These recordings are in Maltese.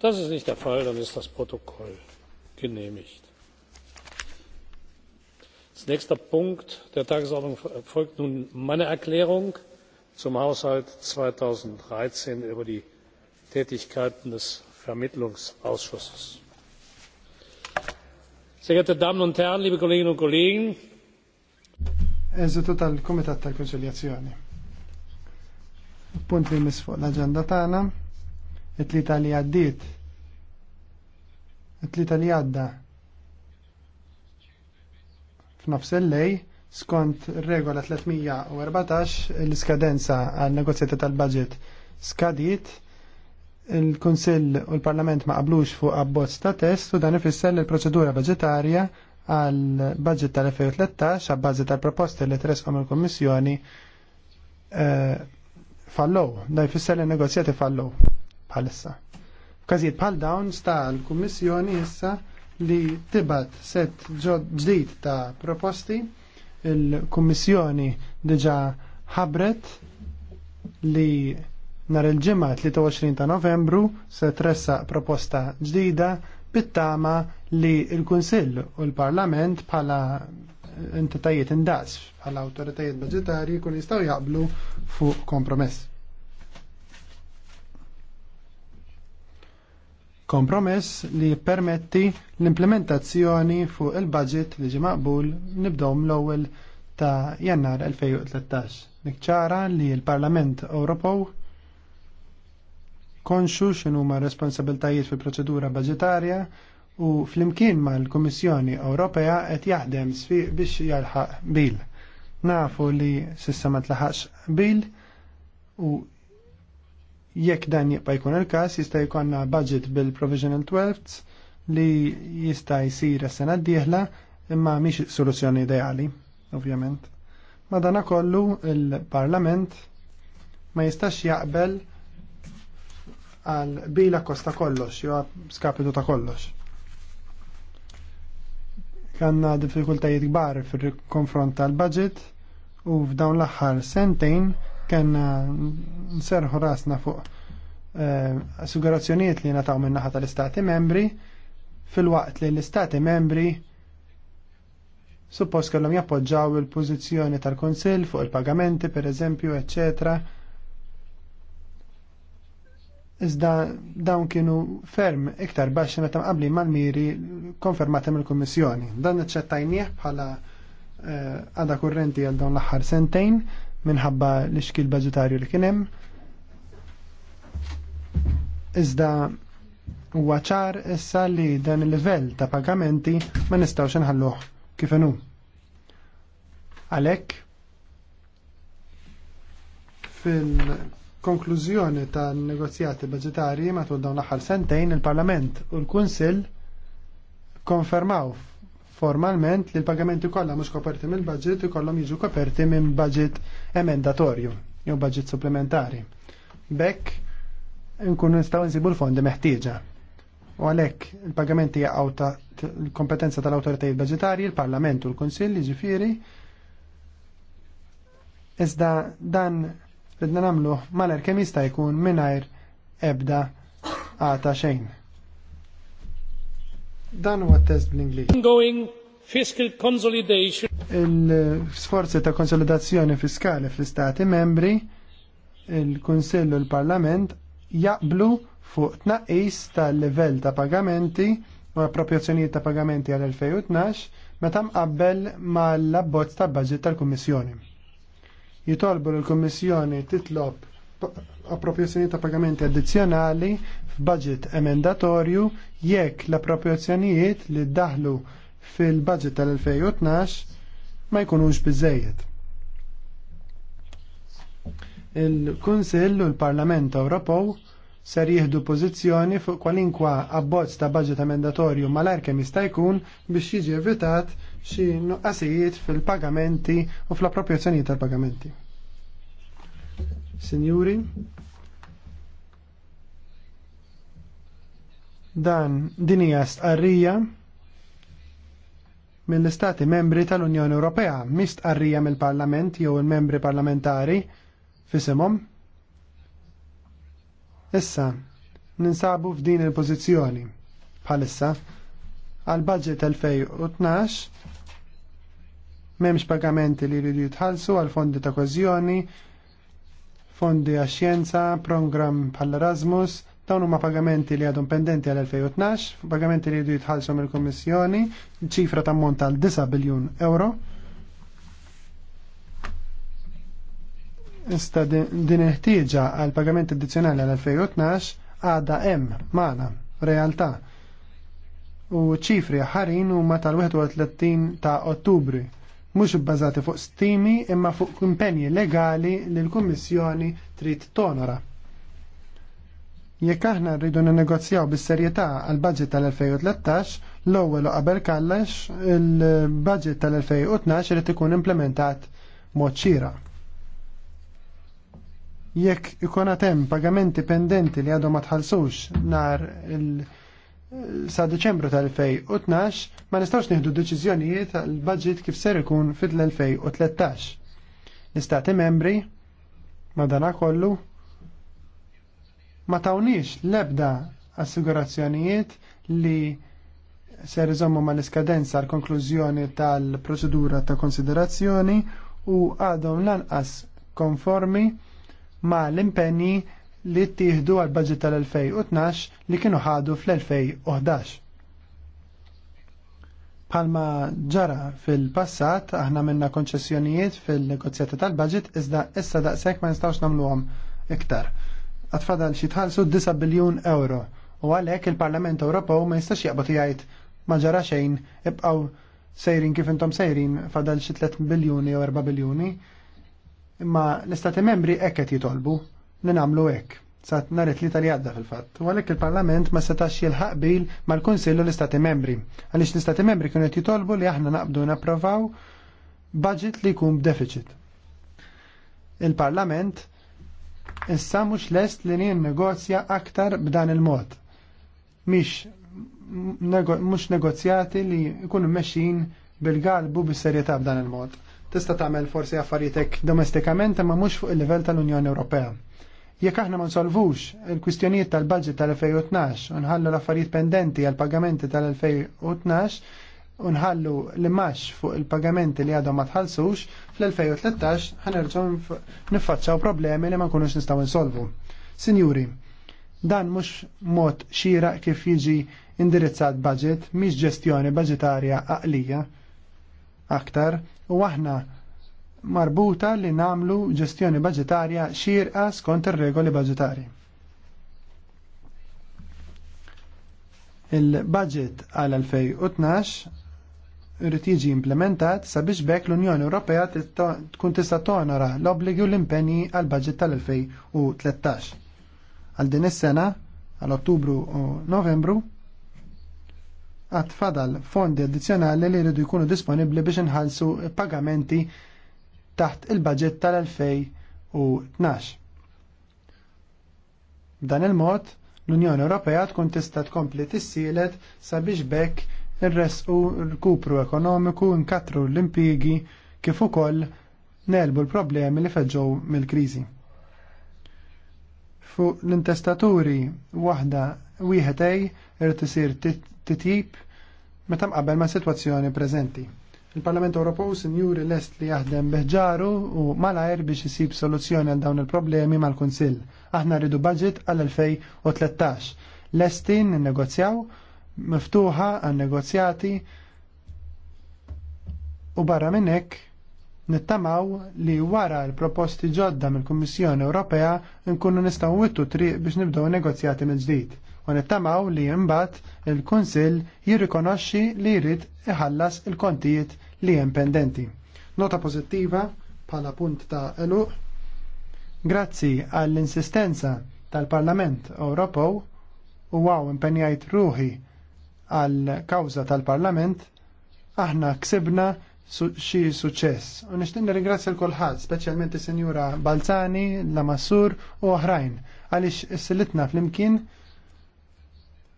Das ist nicht der Fall, dann ist das Protokoll genehmigt. Als nächster Punkt der Tagesordnung folgt nun meine Erklärung zum Haushalt 2013 über die Tätigkeiten des Vermittlungsausschusses. Sehr geehrte Damen und Herren, liebe Kolleginnen und Kollegen, ist total komitat der konċiljazzjoni Punkt li mis vor der agenda Tana it-tlita li għaddiet, it-tlita li għadda. F'nofs il-lej, skont regola 314 l-iskadenza għal negozjati tal-budget skadit, il-Kunsill u l-Parlament ma qablux fuq abbozz ta' test u dan ifisser li l-proċedura budgetarja għal budget tal-2013 għabbażi tal-proposti li tresqom il-Kommissjoni eh, fallow, da jfisser li negozjati fallow bħalissa. F'każijiet bħal dawn sta l-Kummissjoni issa li tibat set ġdid ta' proposti, il-Kummissjoni diġa ħabret li nar il-ġimgħa 23 ta' Novembru se tressa proposta ġdida bittama li l-Kunsill u l-Parlament bħala entitajiet indaqs bħala awtoritajiet budgetari kun jistgħu jaqblu fuq kompromess. Kompromess li permetti l-implementazzjoni fuq il-budget li ġi maqbul nibdom l-ewwel ta' jannar 2013. ċara li l-Parlament Ewropew konxu x'inhuma responsabiltajiet fil-proċedura budgetarja u flimkien ma' l-Komissjoni Ewropea qed jaħdem sfiq biex jalħaq bil. Nafu li sissa ma tlaħaqx bil u Jekk dan jibqa' jkun il-każ jista' jkollna budget bil-provisional 12 li jista' jsir s-sena d-dieħla imma mhix soluzzjoni ideali, ovvjament. Madana kollu il-Parlament ma jistax jaqbel għal bila kosta kollox, jew skapitu ta' kollox. Kanna diffikultajiet kbar fil-konfront tal-budget u f'dawn l-aħħar sentejn kena nserħu rasna fuq eh, assigurazzjoniet li nataw minn naħa tal-istati membri fil-waqt li l-istati membri suppost kellhom jappoġġaw il-pożizzjoni tal-Kunsill fuq il-pagamenti per eżempju, eċċetera. Iżda dawn kienu ferm iktar baxx meta qabli mal-miri konfermati mill-Kummissjoni. Dan iċċettajnieh bħala eh, għada kurrenti għal dawn l-aħħar sentejn minħabba l-iskil bazzitarju li kienem. Iżda huwa ċar issa li dan il-livell ta' pagamenti ma nistgħux inħalluh kif Għalek, Għalhekk fil-konklużjoni tan negozjati bazzitarji matul dawn l-aħħar sentejn il-Parlament u l-Kunsill konfermaw formalment li l-pagamenti kollha mhux koperti mill-budget ikollhom jiġu koperti minn budget emendatorju jew budget supplementari. Bekk nkunu nistgħu nsibu l-fondi meħtieġa. U għalhekk il-pagamenti jaqgħu ta' l-kompetenza tal-awtoritajiet Budgetarji il-Parlament u l-Kunsill ġifieri. Iżda dan ridna nagħmluh mal erkemista jista' jkun mingħajr ebda għata xejn. Dan huwa test bl-Ingliż. Ongoing fiscal consolidation. Il-sforzi ta' konsolidazzjoni fiskali fl-Istati membri, il-Kunsill u l-Parlament jaqblu fuq tnaqqis tal-livell ta' pagamenti u appropriazzjonijiet ta' pagamenti għal-2012 meta mqabbel mal-abbozz ta' budget tal-Kummissjoni. Jitolbu l-Kummissjoni titlob Appropriazzjoni ta' pagamenti addizzjonali f'budget emendatorju jekk l-appropjazzjonijiet li ddaħlu fil-budget tal-2012 ma jkunux biżejjed. Il-Kunsill u l-Parlament Ewropew ser jieħdu pożizzjoni fuq kwalinkwa abbozz ta' budget emendatorju malar kemm jista' jkun biex jiġi evitat xi nuqqasijiet fil-pagamenti u fl appropriazzjonijiet tal-pagamenti. Signori, dan dinija stqarrija mill-Istati membri tal-Unjoni Ewropea, mist stqarrija mill-Parlament jew il-membri parlamentari fisimhom. Issa, ninsabu f'din il-pożizzjoni bħalissa għal budget 2012 memx pagamenti li jridu jitħallsu għal fondi ta' kważjoni fondi għax-xjenza, program pal erasmus dawn huma pagamenti li għadhom pendenti għal 2012, pagamenti li jdu jitħallsu mill-Kummissjoni, ċifra monta għal 9 biljun euro. Ista din il-ħtieġa għal pagamenti addizzjonali għal 2012 għadha hemm magħna realtà. U ċifri ħarin huma tal-31 ta' Ottubri mhux bbażati fuq stimi imma fuq impenji legali li l-Kummissjoni trid tonora. Jekk aħna rridu ninnegozjaw bis-serjetà għal budget tal-2013, l-ewwel u qabel kallex il-budget tal-2012 irid ikun implementat mod xira. Jekk ikun hemm pagamenti pendenti li għadhom ma tħallsux nar il- sa Deċembru tal-2012 ma nistawx nieħdu deċiżjonijiet tal-budget kif ser ikun l 2013 L-istati membri madana kollu ma tawniex l-ebda assigurazzjonijiet li ser iżommu ma l-iskadenza l-konklużjoni tal-proċedura ta' konsiderazzjoni u għadhom lanqas konformi ma l-impenni li ttieħdu għal budget tal-2012 li kienu ħadu fl-2011. Palma ġara fil-passat aħna minna konċessjonijiet fil-negozjati tal-budget iżda issa daqshekk ma nistgħux nagħmluhom iktar. Għatfadal xi tħallsu 9 biljun euro u għalhekk il-Parlament Ewropew ma jistax jaqbad jgħid ma ġara xejn ibqgħu sejrin kif intom sejrin fadal xi 3 biljuni jew 4 biljuni imma l-istati membri hekk qed jitolbu li namlu hekk sa nhar it-tlieta li għadda fil-fatt. U għalhekk il-Parlament ma setax jilħaq bil mal-Kunsill u l-Istati Membri. Għaliex l-Istati Membri kienu qed jitolbu li aħna naqbdu napprovaw budget li jkun b'deficit. Il-Parlament issa mhux lest li nien negozja aktar b'dan il-mod. Mhix mhux negozjati li jkunu mmexxin bil-galbu bis-serjetà b'dan il-mod. Tista' tagħmel forsi affarijiet domestikament imma mhux fuq il-livell tal-Unjoni Ewropea Jekk aħna ma nsolvux il-kwistjonijiet tal-budget tal-2012 u nħallu l-affarijiet pendenti għal pagamenti tal-2012 u nħallu l-imax fuq il-pagamenti li għadhom ma tħallsux, fl-2013 ħanerġgħu niffaċċaw problemi li ma nkunux nistgħu nsolvu. Sinjuri, dan mhux mod xira kif jiġi indirizzat budget, mhix ġestjoni budgetarja għaqlija aktar u aħna marbuta li namlu ġestjoni budgetarja xirqa skont ir-regoli budgetarji. Il-budget għal 2012 irrid jiġi implementat sabiex bekk l-Unjoni Ewropea tkun tista' tonora l-obbligi u l-impenji għal budget tal-2013. Għal din is-sena għal Ottubru u Novembru għat fadal fondi addizjonali li rridu jkunu disponibli biex inħalsu pagamenti taħt il-budget tal-2012. B'dan il-mod, l-Unjoni Ewropea tkun tista' tkompli tissielet sabiex bekk irresqu kupru ekonomiku, nkatru l impjiegi kif ukoll nelbu l-problemi li feġġew mill-kriżi. Fuq l-intestaturi waħda wieħed irid isir titjib meta mqabel ma' sitwazzjoni preżenti. Il-Parlament Ewropew sinjuri lest li jaħdem beħġaru u malajr biex isib soluzzjoni għal dawn il-problemi mal-Kunsill. Aħna rridu budget għal-2013. Lestin negozjaw miftuħa għal negozjati u barra minnek nittamaw li wara l-proposti ġodda mill-Kummissjoni Ewropea nkunu nistgħu wittu triq biex nibdew negozjati mill-ġdid u nittamaw li imbat il-Konsil jirrikonoxxi li jrid iħallas il-kontijiet li hemm pendenti. Nota pożittiva bħala punt ta' eluq. Grazzi għall-insistenza tal-Parlament Ewropew u għaw impenjajt ruħi għall-kawza tal-Parlament, aħna ksibna xi suċċess. U nixtin ringrazzja l-kulħadd, speċjalment is-Sinjura Balzani, Lamassur u oħrajn għaliex s-silitna fl-imkien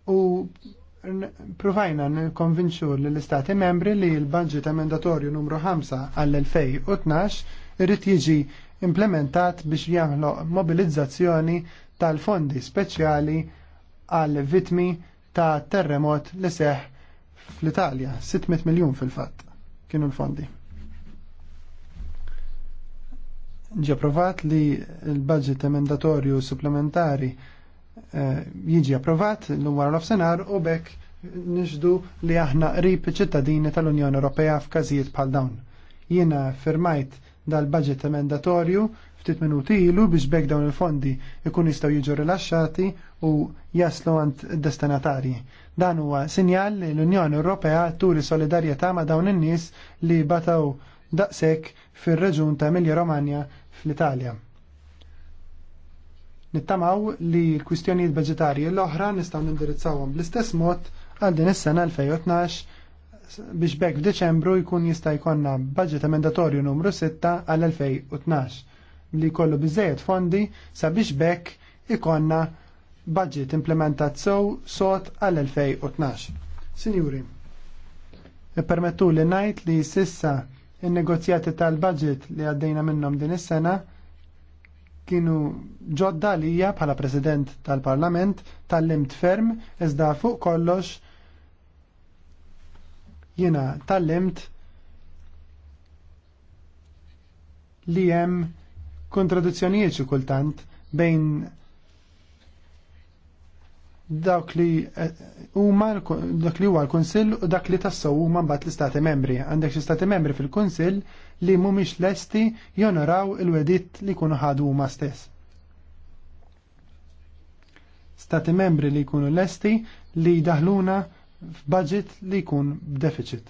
u Provajna nkonvinċu l-istati membri li l-budget emendatorju numru 5 għall-2012 irrid jiġi implementat biex jagħmlu mobilizzazzjoni tal-fondi speċjali għal vitmi ta' terremot li seħ fl-Italja, 600 miljon fil-fatt kienu l-fondi. Ġi li l-budget emendatorju supplementari Eh, jiġi approvat l-lum nofsenar u bekk nixdu li aħna qrib ċittadini tal-Unjoni Ewropea f'każijiet bħal dawn. Jiena firmajt dal-budget emendatorju ftit minuti ilu biex bekk dawn il-fondi ikun jistgħu jiġu rilaxxati u jaslu għand destinatarji. Dan huwa sinjal li l-Unjoni Ewropea turi solidarjetà ma' dawn in-nies li bataw daqshekk fir-reġun ta' Emilja Romagna fl-Italja. Nittamaw li l-kwistjonijiet budgetarji l-oħra nistgħu nindirizzawhom bl-istess mod għal din is-sena 2012 biex bekk f'Deċembru jkun jista' jkollna budget emendatorju numru 6 għal 2012 li jkollu biżejjed fondi sabiex bekk ikonna budget implementat sew sot għal 2012. Sinjuri, permettu li najt li sissa il-negozjati tal-budget li għaddejna minnhom din is-sena kienu ġodda lija bħala President tal-Parlament tal-limt ferm iżda fuq kollox jiena tal-limt li hemm kontradizzjonijiet xi kultant bejn dawk li eh, huma dak li huwa l-Kunsill u dak li tassaw huma mbagħad l-Istati Membri. Għandek xi Stati Membri fil-Kunsill li mhumiex lesti jonoraw il-wedit li jkunu ħadu huma stess. Stati Membri li jkunu lesti li daħluna f'budget li jkun b'deficit.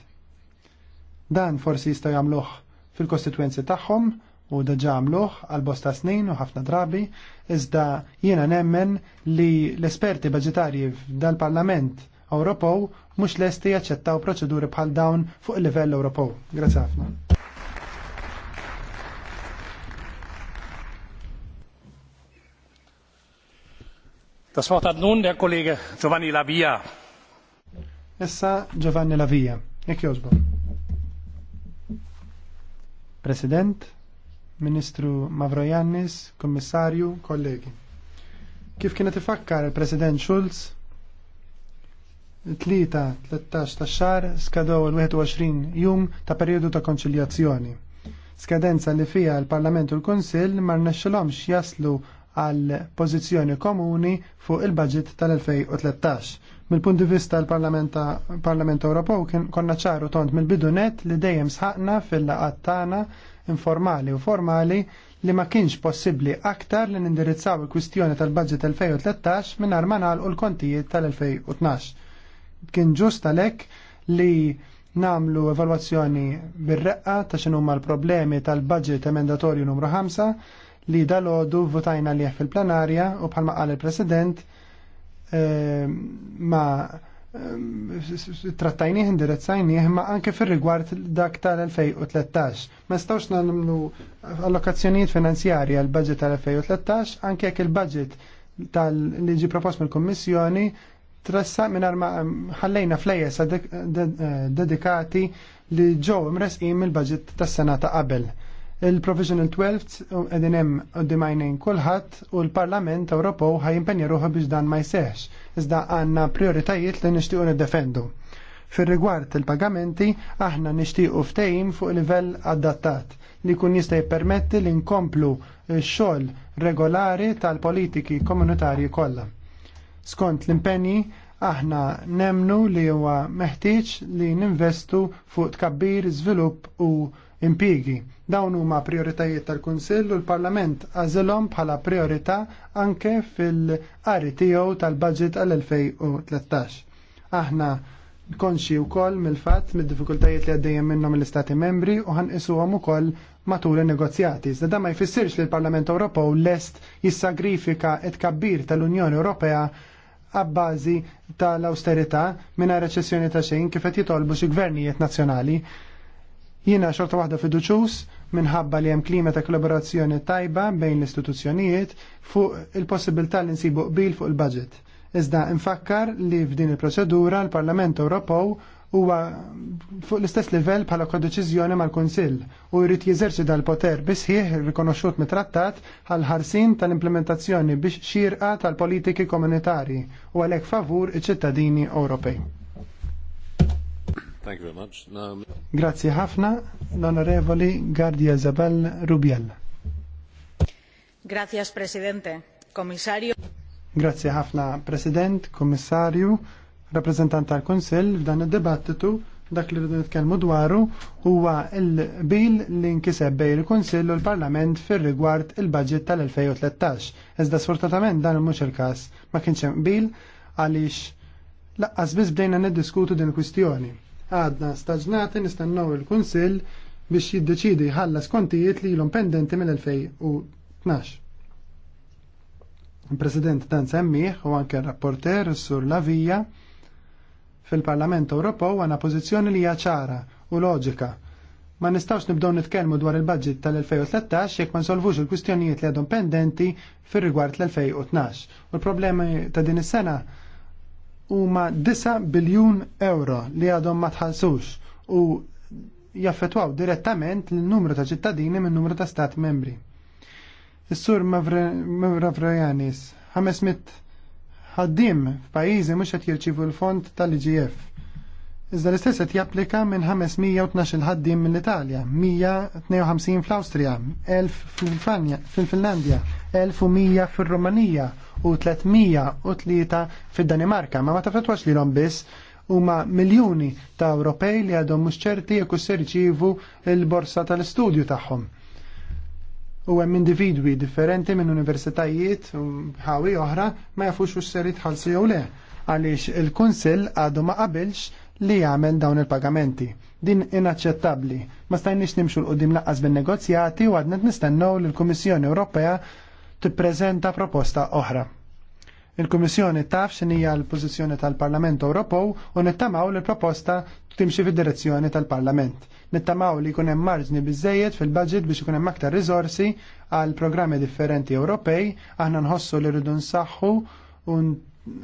Dan forsi jista' jagħmluh fil-kostituenzi tagħhom u daġamluħ għal-bosta snin u ħafna drabi, iżda jiena nemmen li l-esperti budgetarji dal-Parlament Ewropew mhux lesti jaċċettaw proċeduri bħal dawn fuq il-livell Ewropew. Grazzi ħafna. Das Wort hat nun der Kollege Giovanni Lavia. Issa Giovanni Lavia. Jekk jożbu. President, Ministru Mavrojannis, Kommissarju, kollegi. Kif kienet ifakkar il-President Schulz, tlita 13 ta' xar skadow il-21 jum ta' periodu ta' konċiljazzjoni. Skadenza li fija l-Parlament u l-Konsil mar nexxilhomx jaslu għal pożizzjoni komuni fuq il-budget tal-2013. Mill-punt di vista l-Parlament Ewropew kien konna ċaru tont mill-bidunet li dejjem sħaqna fil-laqat tagħna informali u formali li ma kienx possibbli aktar li nindirizzaw il-kwistjoni tal-budget 2013 minn ma u l-kontijiet tal-2012. Kien ġust għalhekk li namlu evalwazzjoni bir-reqqa ta' ma' l-problemi tal-budget emendatorju numru 5 li dalodu votajna liħ fil-plenarja u bħalma qal il-President eh, ma trattajnieh indirizzajnieh ma anke fir-rigward dak tal-2013. Ma nistgħux nagħmlu allokazzjonijiet finanzjarji għal budget tal-2013 anke jekk il-budget tal-li propost mill-Kummissjoni tressa minn ma ħallejna flejjes dedikati li ġew imresqin mill-budget tas-sena ta' qabel. Il-Provisional 12 uh, edin hemm għoddimajnejn kulħadd u l-Parlament Ewropew ħajimpenja ruħu biex dan ma jsehx, iżda għandna prioritajiet li nixtiequ niddefendu. Fir-rigward il-pagamenti, aħna nixtiequ ftehim fuq livell adattat li kun jista' jippermetti li nkomplu x-xogħol regolari tal-politiki komunitarji kollha. Skont l-impenji aħna nemnu li huwa meħtieġ li ninvestu fuq tkabbir, żvilupp u impigi. Dawn huma prioritajiet tal-Kunsill u l-Parlament għażilhom bħala priorità anke fil-qari tiegħu tal-budget għal-2013. Aħna konxi wkoll mill-fatt mid-diffikultajiet li għaddejjem minnhom l-Istati membri u ħanqisuhom ukoll matul in-negozjati. Iżda dan ma jfissirx li l-Parlament Ewropew lest jissagrifika t kabbir tal-Unjoni Ewropea għabbażi tal-austerità minna reċessjoni ta' xejn kif qed jitolbu xi gvernijiet nazzjonali Jiena xorta waħda fiduċus minħabba li hemm klima ta' kollaborazzjoni tajba bejn l-istituzzjonijiet fuq il-possibilità li nsibu qbil fuq il-budget. Iżda nfakkar li f'din il-proċedura l-Parlament Ewropew huwa fuq l-istess livell bħala kodeċiżjoni mal-Kunsill u jrid jeżerċi dal-poter bisħieħ rikonoxxut mit-trattat għal ħarsin tal-implementazzjoni biex xirqa tal-politiki komunitarji u għalhekk favur iċ-ċittadini Ewropej. Thank you very much. Now... Grazie ħafna, l-Onorevoli Gardia Zabal Rubiel. Grazie, Presidente. Komissarju. Grazie ħafna, President, Komissarju, rappresentant tal-Konsil, f'dan id-debattitu dak li nitkellmu dwaru huwa l-bil li nkiseb bej il-Kunsill u l-Parlament fir-rigward il-budget tal-2013. Iżda sfortunatament dan mhux il-każ ma kienx hemm bil għaliex laqqas biss bdejna niddiskutu din il-kwistjoni għadna staġnati nistennaw il-Kunsill biex jiddeċidi ħallas kontijiet li l-om pendenti mill-2012. Il-President dan semmiħ u anke rapporter sur Lavija fil-Parlament Ewropew għana pożizzjoni li hija ċara u loġika ma nistawx nibdow nitkellmu dwar il-budget tal-2013 jekk ma nsolvux il-kwistjonijiet li għadhom pendenti fir rigward l-2012. U l-problemi ta' din is-sena huma 9 biljun euro li għadhom ma tħallsux u jaffetwaw direttament l-numru ta' ċittadini minn numru ta' stat membri. Is-sur Mavrojanis, 500 ħaddim f'pajjiżi mhux qed jirċievu l-fond tal-IGF. Iżda l-istess qed japplika minn 512 ħaddiem mill-Italja, 152 fl-Awstrija, 1000 fil-Finlandja, 1100 fir-Rumanija u 303 fil danimarka ma ma tafetwax li l biss huma miljuni ta' Ewropej li għadhom mhux ċerti jekk se jirċievu l-borsa tal-istudju tagħhom. U hemm individwi differenti minn universitajiet u ħawi oħra ma jafux u s-ser jitħallsu jew le għaliex il-Kunsill għadu ma qabilx li jagħmel dawn il-pagamenti. Din inaċċettabbli. Ma stajniex nimxu l-qudiem laqqas bin-negozjati u għadna nistennew li l-Kummissjoni Ewropea tippreżenta proposta oħra. Il-Kummissjoni taf hija l-pożizzjoni tal-Parlament Ewropew u nittamaw li l-proposta timxi fid-direzzjoni tal-Parlament. Nittamaw li jkun hemm marġni biżejjed fil-budget biex ikun hemm aktar riżorsi għal programmi differenti Ewropej, aħna nħossu li rridu nsaħħu u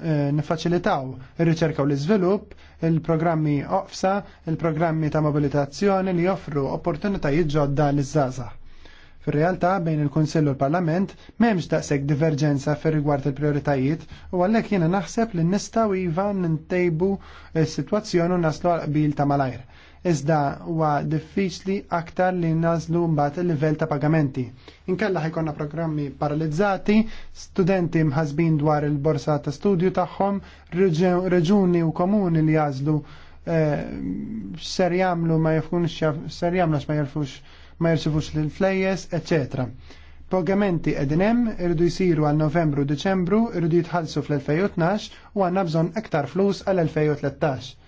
Eh, nifaċilitaw ir-riċerka u l-iżvilupp, il-programmi oqfsa, il-programmi ta' mobilitazzjoni li joffru opportunitajiet ġodda l żgħażagħ Fir-realtà bejn il-Kunsill u l-Parlament m'hemmx daqshekk diverġenza fir rigward il-prioritajiet u għalhekk jiena naħseb li nistgħu iva ntejbu s-sitwazzjoni u naslu għal qbil ta' malajr iżda huwa diffiċli aktar li nażlu mbagħad il-livell ta' pagamenti. Inkella ħajkonna programmi paralizzati, studenti mħasbin dwar il-borsa ta' studju tagħhom, reġuni u komuni li jażlu eh, ser jagħmlu ma jafkunx ser jagħmlu ma jarfux ma jirsifux l-flejjes, eccetera. Pagamenti edin hemm irridu jsiru għal Novembru Deċembru irridu jitħallsu fl-2012 u għandna bżonn aktar flus għal 2013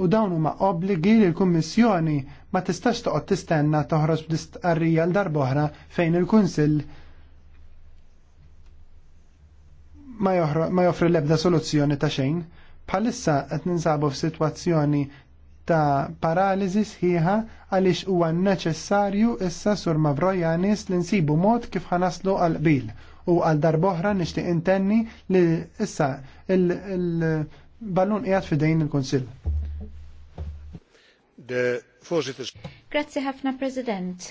u dawn huma obbligi li l-Kummissjoni ma tistax toqgħod tistenna toħroġ b'distqarrija l darboħra fejn il-Kunsill ma joffri l-ebda soluzzjoni ta' xejn. Bħalissa qed ninsabu f'sitwazzjoni ta' paraliżi sħiħa għaliex huwa neċessarju issa sur Mavrojanis li nsibu mod kif ħanaslu għal qbil u għal darboħra nixtieq intenni li issa il-ballun qiegħed fidejn il-Kunsill. Grazzi ħafna, President.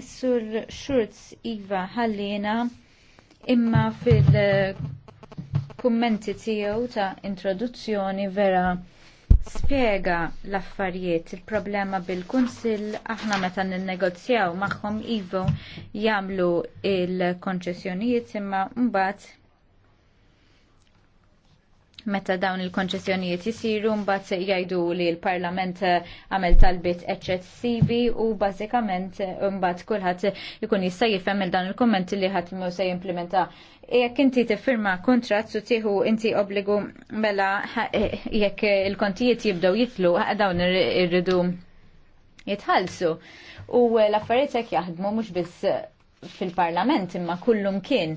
Is-sur Schurz Iva ħallina imma fil-kummenti tiegħu ta' introduzzjoni vera spiega l-affarijiet il-problema bil-Kunsill aħna meta ninnegozjaw magħhom ivo jagħmlu il-konċessjonijiet imma mbagħad meta dawn il-konċessjonijiet jisiru mbagħad se jgħidu li l-Parlament eh, għamel talbit eċċessivi u bażikament eh, mbagħad kulħadd ikun jista' jifhem il dan il-kummenti li ħadd mhux se jimplementa. Jekk inti tiffirma kontrat su tieħu inti obbligu mela eh, jekk il-kontijiet jibdew jitlu dawn irridu jitħallsu. U l-affarijiet jekk jaħdmu mhux biss fil-Parlament imma kullum kien.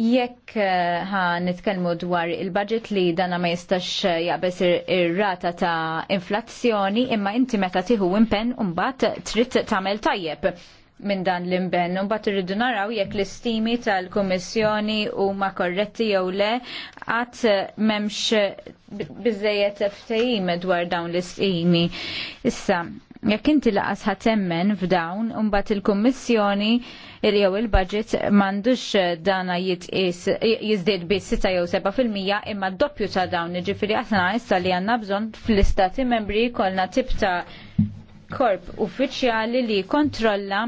Jekk eh, ħa nitkellmu dwar il-budget li dana ma jistax eh, jaqbes ir-rata ta' inflazzjoni, imma inti meta tieħu impenn mbagħad trid tagħmel tajjeb minn dan l-impenn. Mbagħad irridu naraw jekk l-istimi tal-Kummissjoni huma korretti jew le qatt eh, m'hemmx biżejjed ftehim dwar dawn l-istimi. Issa, jekk inti laqas ħatemmen f'dawn, mbagħad il-Kummissjoni jew il-budget m'għandux eh, dana jitqis jiżdied biss 6 jew 7 fil-mija imma doppju ta' dawn, jiġifieri aħna issa li għandna bżonn fl-istati membri jkollna tip ta' korp uffiċjali li kontrolla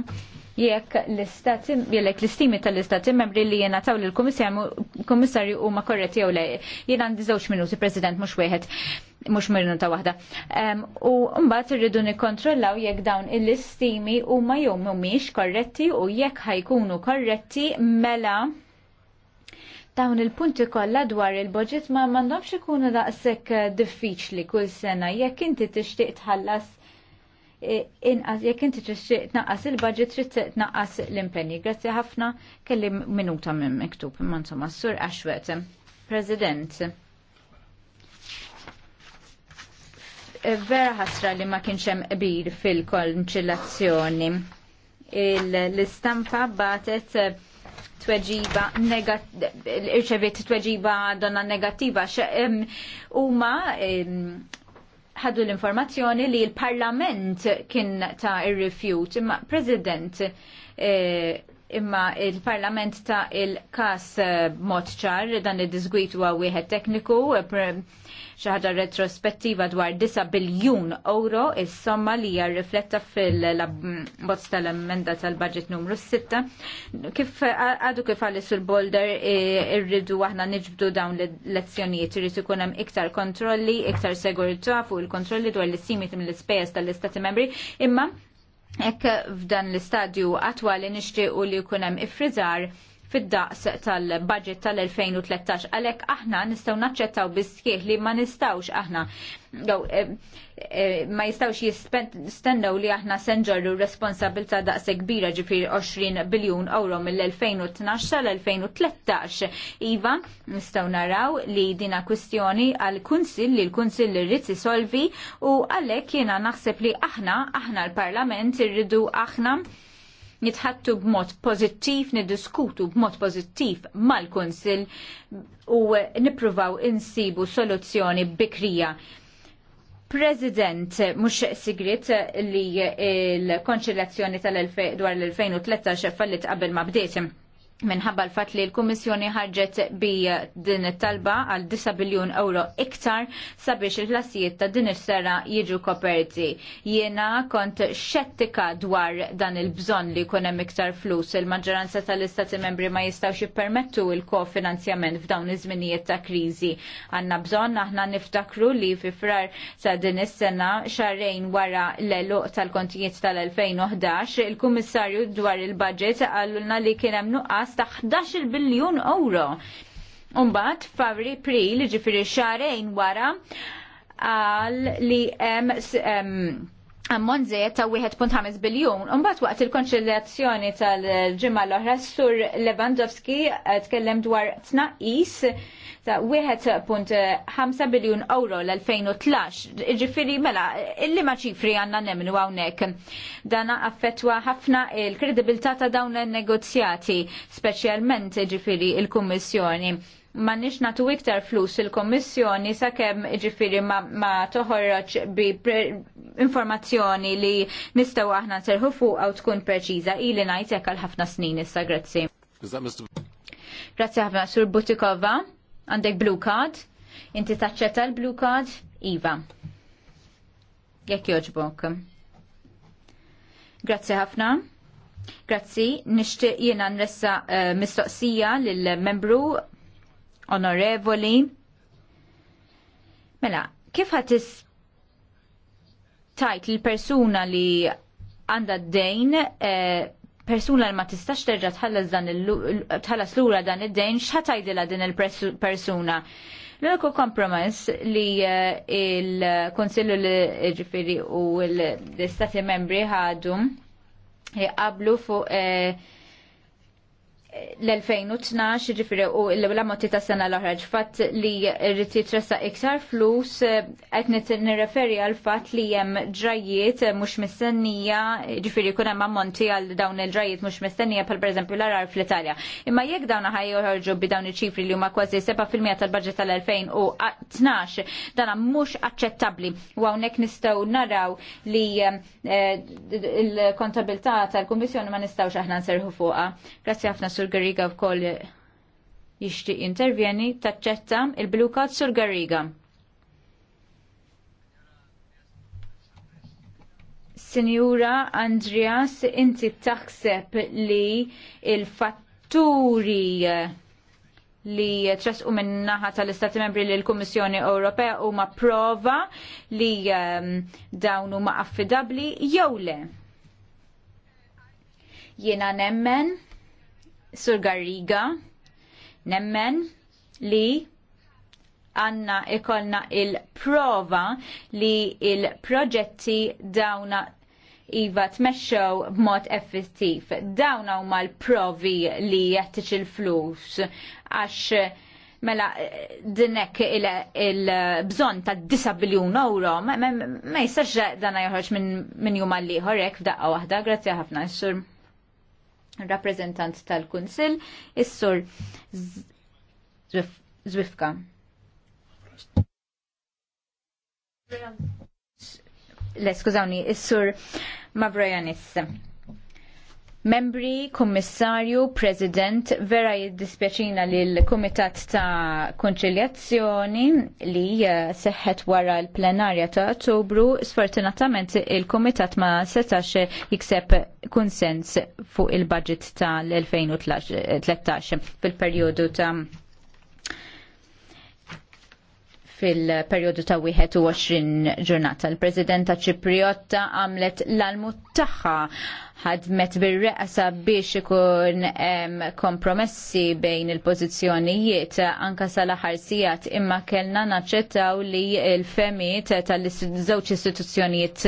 jekk l-istati, l-istimi tal-istati membri li jena taw l-komissarju u ma korretti jew le. Jena għandi żewġ minuti, President, mhux wieħed, mhux minuta waħda. U mbagħad irridu nikkontrollaw jekk dawn l-istimi huma jew mhumiex korretti u jekk ħajkunu korretti mela dawn il-punti kollha dwar il-budget ma m'għandhomx ikunu daqshekk diffiċli kull sena jekk inti tixtieq tħallas inqas jekk inti tixtieq tnaqqas il-budget trid tnaqqas l-impenni. Grazzi ħafna kelli minuta minn miktub imma insomma sur Ashwet. President. Vera ħasra li ma kienx hemm qbir fil-konċillazzjoni. L-istampa batet tweġiba irċeviet tweġiba donna negattiva huma ħadu l-informazzjoni li l-Parlament kien ta' il refjut imma President eh, imma il-Parlament ta' il-kas eh, mod ċar dan id-disgwit huwa wieħed tekniku eh, xi retrospettiva dwar 9 biljun euro is-somma li hija rifletta fil-bozz tal-emenda tal-budget numru 6. Kif għadu kif għalli sur Boulder irridu aħna niġbdu dawn l-lezzjonijiet irridu kunem hemm iktar kontrolli, iktar segurità fuq il-kontrolli dwar l-istimi mill-ispejjeż tal-Istati Membri, imma Ek f'dan l-istadju attwali nixtiequ li jkun hemm ifrizar fid-daqs tal-budget tal-2013 għalhekk aħna nistgħu naċċettaw biskieħ li ma nistawx aħna jew eh, eh, ma jistgħux jistennew li aħna senġorru responsabilta daqs kbira ġifir 20 biljun euro mill-2012 sal-2013. Iva, nistgħu naraw li dina kwistjoni għal kunsill li l-kunsill irrid isolvi u għalhekk jiena naħseb li aħna aħna l-Parlament irridu aħna nitħattu b'mod pozittiv, niddiskutu b'mod pozittiv mal-Kunsil u nippruvaw insibu soluzzjoni bikrija. President, mux sigrit li l konċillazzjoni tal-2013 fallit qabel ma bdejtim minħabba l-fat li l-Kummissjoni ħarġet bi din it-talba għal 9 biljun euro iktar sabiex il-ħlasijiet ta' din is-sera jiġu koperti. Jiena kont xettika dwar dan il-bżonn li jkun hemm iktar flus. Il-maġġoranza tal-istati membri ma jistgħux jippermettu il-kofinanzjament f'dawn iż-żminijiet ta' kriżi. Għandna bżonn aħna niftakru li fi frar ta' din is-sena xarrejn wara l-eluq tal-kontijiet tal-2011 il-Kummissarju dwar il-budget għallulna li kien hemm nuqqas nuqqas ta' 11 biljun euro. Umbat, favri pri li ġifiri xarejn wara għal li hemm ammont ta' 1.5 biljun. Umbat waqt il konċellazzjoni tal-ġimgħa l-oħra sur Lewandowski eh, tkellem dwar tnaqis ta' 1.5 biljun euro l-2012. Ġifiri mela, illi ma ċifri għanna nemnu għawnek. Dana affetwa ħafna il kredibilta ta' dawn il-negozjati, specialment ġifiri il-Kummissjoni ma nix natu iktar flus il-Kommissjoni sakemm ġifiri ma, ma toħorroċ bi informazzjoni li nistaw aħna nserħu fuq għaw tkun preċiża ili najtek għal ħafna snin issa grazzi. Grazzi ħafna Sur Butikova. Għandek blue card? Inti taċċetta l-blue card? Iva. Jekk joġbok. Grazzi ħafna. Grazzi, nishtiq jiena nressa uh, mistoqsija lill-membru onorevoli. Mela, kif ħatis tajt l-persuna li għanda d-dejn eh, persuna li ma tistax terġa tħallas lura dan id-dejn xħatajdila din il-persuna. L-uniku kompromess li eh, il-Konsillu l ġifiri u l-Stati membri ħadu jgħablu eh, fuq eh, l-2012 ġifiri u l-ammonti ta' sena l-oħraġ fatt li rriti tressa iktar flus qed nirreferi għal fatt li hemm ġrajiet mhux mistennija ġifiri kuna hemm ammonti għal dawn il-ġrajiet mhux mistennija pal pereżempju l-arar fl-Italja. Imma jekk dawn ħajjoħorġu bi dawn iċ-ċifri li huma kważi 7% tal bagġet tal-2012 dan mhux aċċettabbli u hawnhekk nistgħu naraw li eh, l kontabilta tal-Kummissjoni ma nistawx aħna nserħu fuqha. Grazzi ħafna sur Sur Garriga wkoll jixtieq intervjeni taċċetta il-blu card Sur Garriga. Sinjura Andreas, inti taħseb li il-fatturi li trasqu minnaħa tal-Istati Membri li l-Kummissjoni Ewropea huma prova li ehm, dawn huma affidabli jew le. Jiena nemmen Sur Garriga, nemmen li għanna ikolna il-prova li il-proġetti dawna iva tmexxew b'mod effettiv. Dawna huma l-provi li jettiċ il-flus għax mela eh, dinek il-bżon ta' 9 biljun euro ma jistax dana joħroġ minn min għal liħor hekk f'daqqa waħda. Grazzi ħafna, Sur rappresentant tal-Kunsill, is-Sur Zwifka. Le, skużawni, is-Sur Mavrojanis. Membri, kummissarju, president, vera jiddispjaċina li l-Kumitat ta' Konċiljazzjoni li eh, seħħet wara l-plenarja ta' Ottubru, sfortunatament il-Kumitat ma setax jikseb konsens fuq il-budget ta' l-2013 fil-periodu ta' fil-periodu ta' 21 ġurnata. Il-Presidenta Ċipriotta għamlet l-almu tagħha ħadmet bir-reqsa biex ikun kompromessi bejn il-pożizzjonijiet anka sal-aħħar sigħat imma kellna naċċettaw li l-femiet tal-żewġ istituzzjonijiet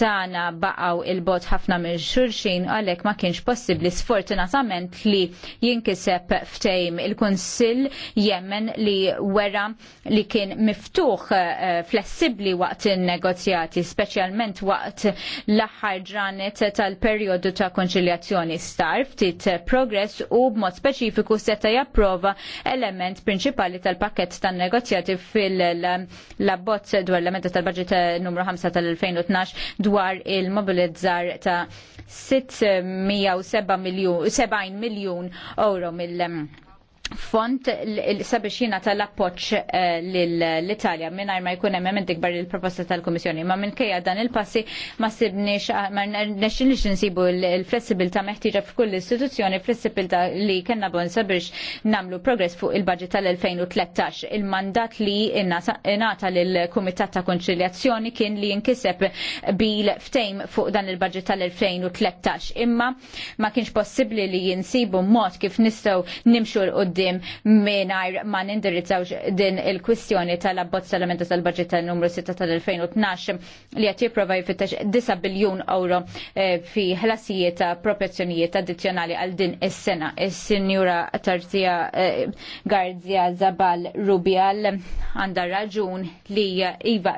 tagħna baqgħu il-bot ħafna minn xulxin għalhekk ma kienx possibbli sfortunatament li jinkiseb ftejm il-Kunsill jemmen li wera li kien miftuħ eh, flessibbli waqt in negozjati speċjalment waqt l-aħħar ġranet tal-periodu perjodu ta' konċiljazzjoni star ftit progress u b'mod speċifiku seta' japprova element prinċipali tal-pakket tan negozjati fil-labbozz dwar l-emenda tal-budget numru 5 tal-2012 dwar il-mobilizzar ta' 670 miljon euro mill- font sabiex sabiexina tal-appoċ eh, l-Italja minnajr ma jkun emment ikbar il-proposta tal-Komissjoni. Ma minn kajja dan il-passi ma sibniex, ah, ma nexxinix nsibu l-flessibilta meħtieġa f'kull istituzzjoni, flessibilta li kena bon sabiex namlu progress fuq il-budget tal-2013. Il-mandat li nata l-Komitat ta' Konċiljazzjoni kien li jinkiseb bil-ftejm fuq dan il-budget tal-2013. Imma ma kienx possibli li jinsibu mod kif nistaw nimxu l il-qoddim ma nindirizzaw din il-kwistjoni tal-abbozz tal-emenda tal-budget tal-numru 6 tal-2012 li qed jipprova jfittex 9 biljun euro eh, fi ħlasijiet ta' proporzjonijiet addizzjonali għal din is-sena. Is-Sinjura Tarzija eh, Garzia Zabal Rubial għandha raġun li iva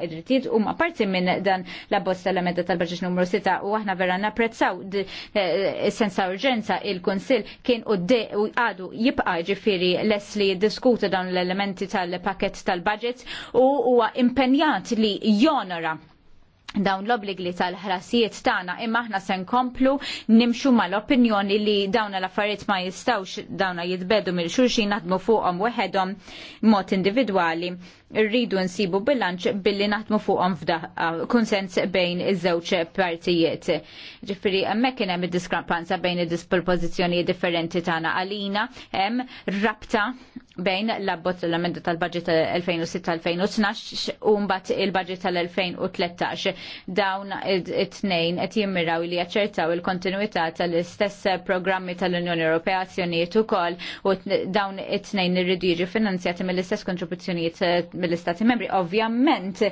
u huma parti minn dan l-abbozz tal-emenda tal-budget numru 6 u aħna vera napprezzaw is-sensa eh, urġenza il-Kunsill kien u għadu jibqa' ġifieri ġifiri les li diskuta dawn l-elementi tal pakett tal-budget u huwa impenjat li jonora dawn l-obligli tal-ħrasijiet tagħna imma aħna se nkomplu nimxu mal-opinjoni li dawn l-affarijiet ma jistgħux dawna jitbedu mill xulxin naħdmu fuqhom weħedhom mod individwali rridu nsibu bilanċ billi naħdmu fuqhom f'daħqa uh, konsens bejn iż-żewġ partijiet. Ġifieri hemmhekk kien hemm id diskrapanza bejn id-dispożizzjonijiet differenti tagħna għalina hemm rabta bejn l-abbozz l-emenda tal-budget 2006-2012 u mbagħad il-budget tal-2013 dawn it-tnejn qed jimmiraw li jaċċertaw il-kontinuità tal-istess programmi tal-Unjoni Ewropea azzjonijiet ukoll u dawn it-tnejn irridu jiġu finanzjati mill-istess kontribuzzjonijiet mill-Istati Membri. Ovvjament,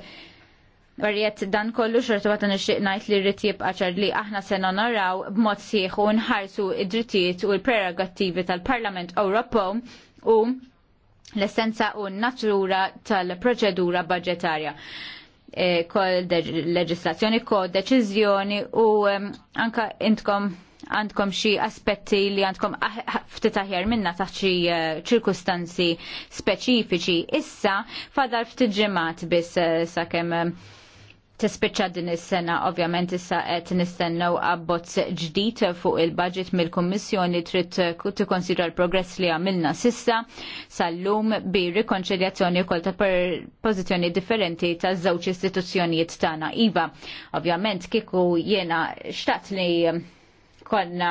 Barriet dan kollu xorta għat nixtieq ngħid li rrid jibqa' ċar li aħna se nonoraw b'mod sieħ u nħarsu id-drittijiet u l-prerogattivi tal-Parlament Ewropew u l-essenza u n-natura tal-proċedura budgetarja. Eh, kol leġislazzjoni, kol deċiżjoni u anka intkom għandkom xi aspetti li għandkom ah, ah, ftit aħjar minna taħt xi eh, ċirkustanzi speċifiċi. Issa fadal ftit ġimgħat biss eh, sakemm eh, tispiċċa din is-sena ovvjament issa qed nistennew abbozz ġdid fuq il-budget mill-Kummissjoni trid tikkonsidra l-progress li għamilna sissa sal-lum bi rikonċiljazzjoni wkoll ta' pożizzjoni differenti ta' żewġ istituzzjonijiet tagħna. Iva, ovvjament kieku jiena xtaqt li ikollna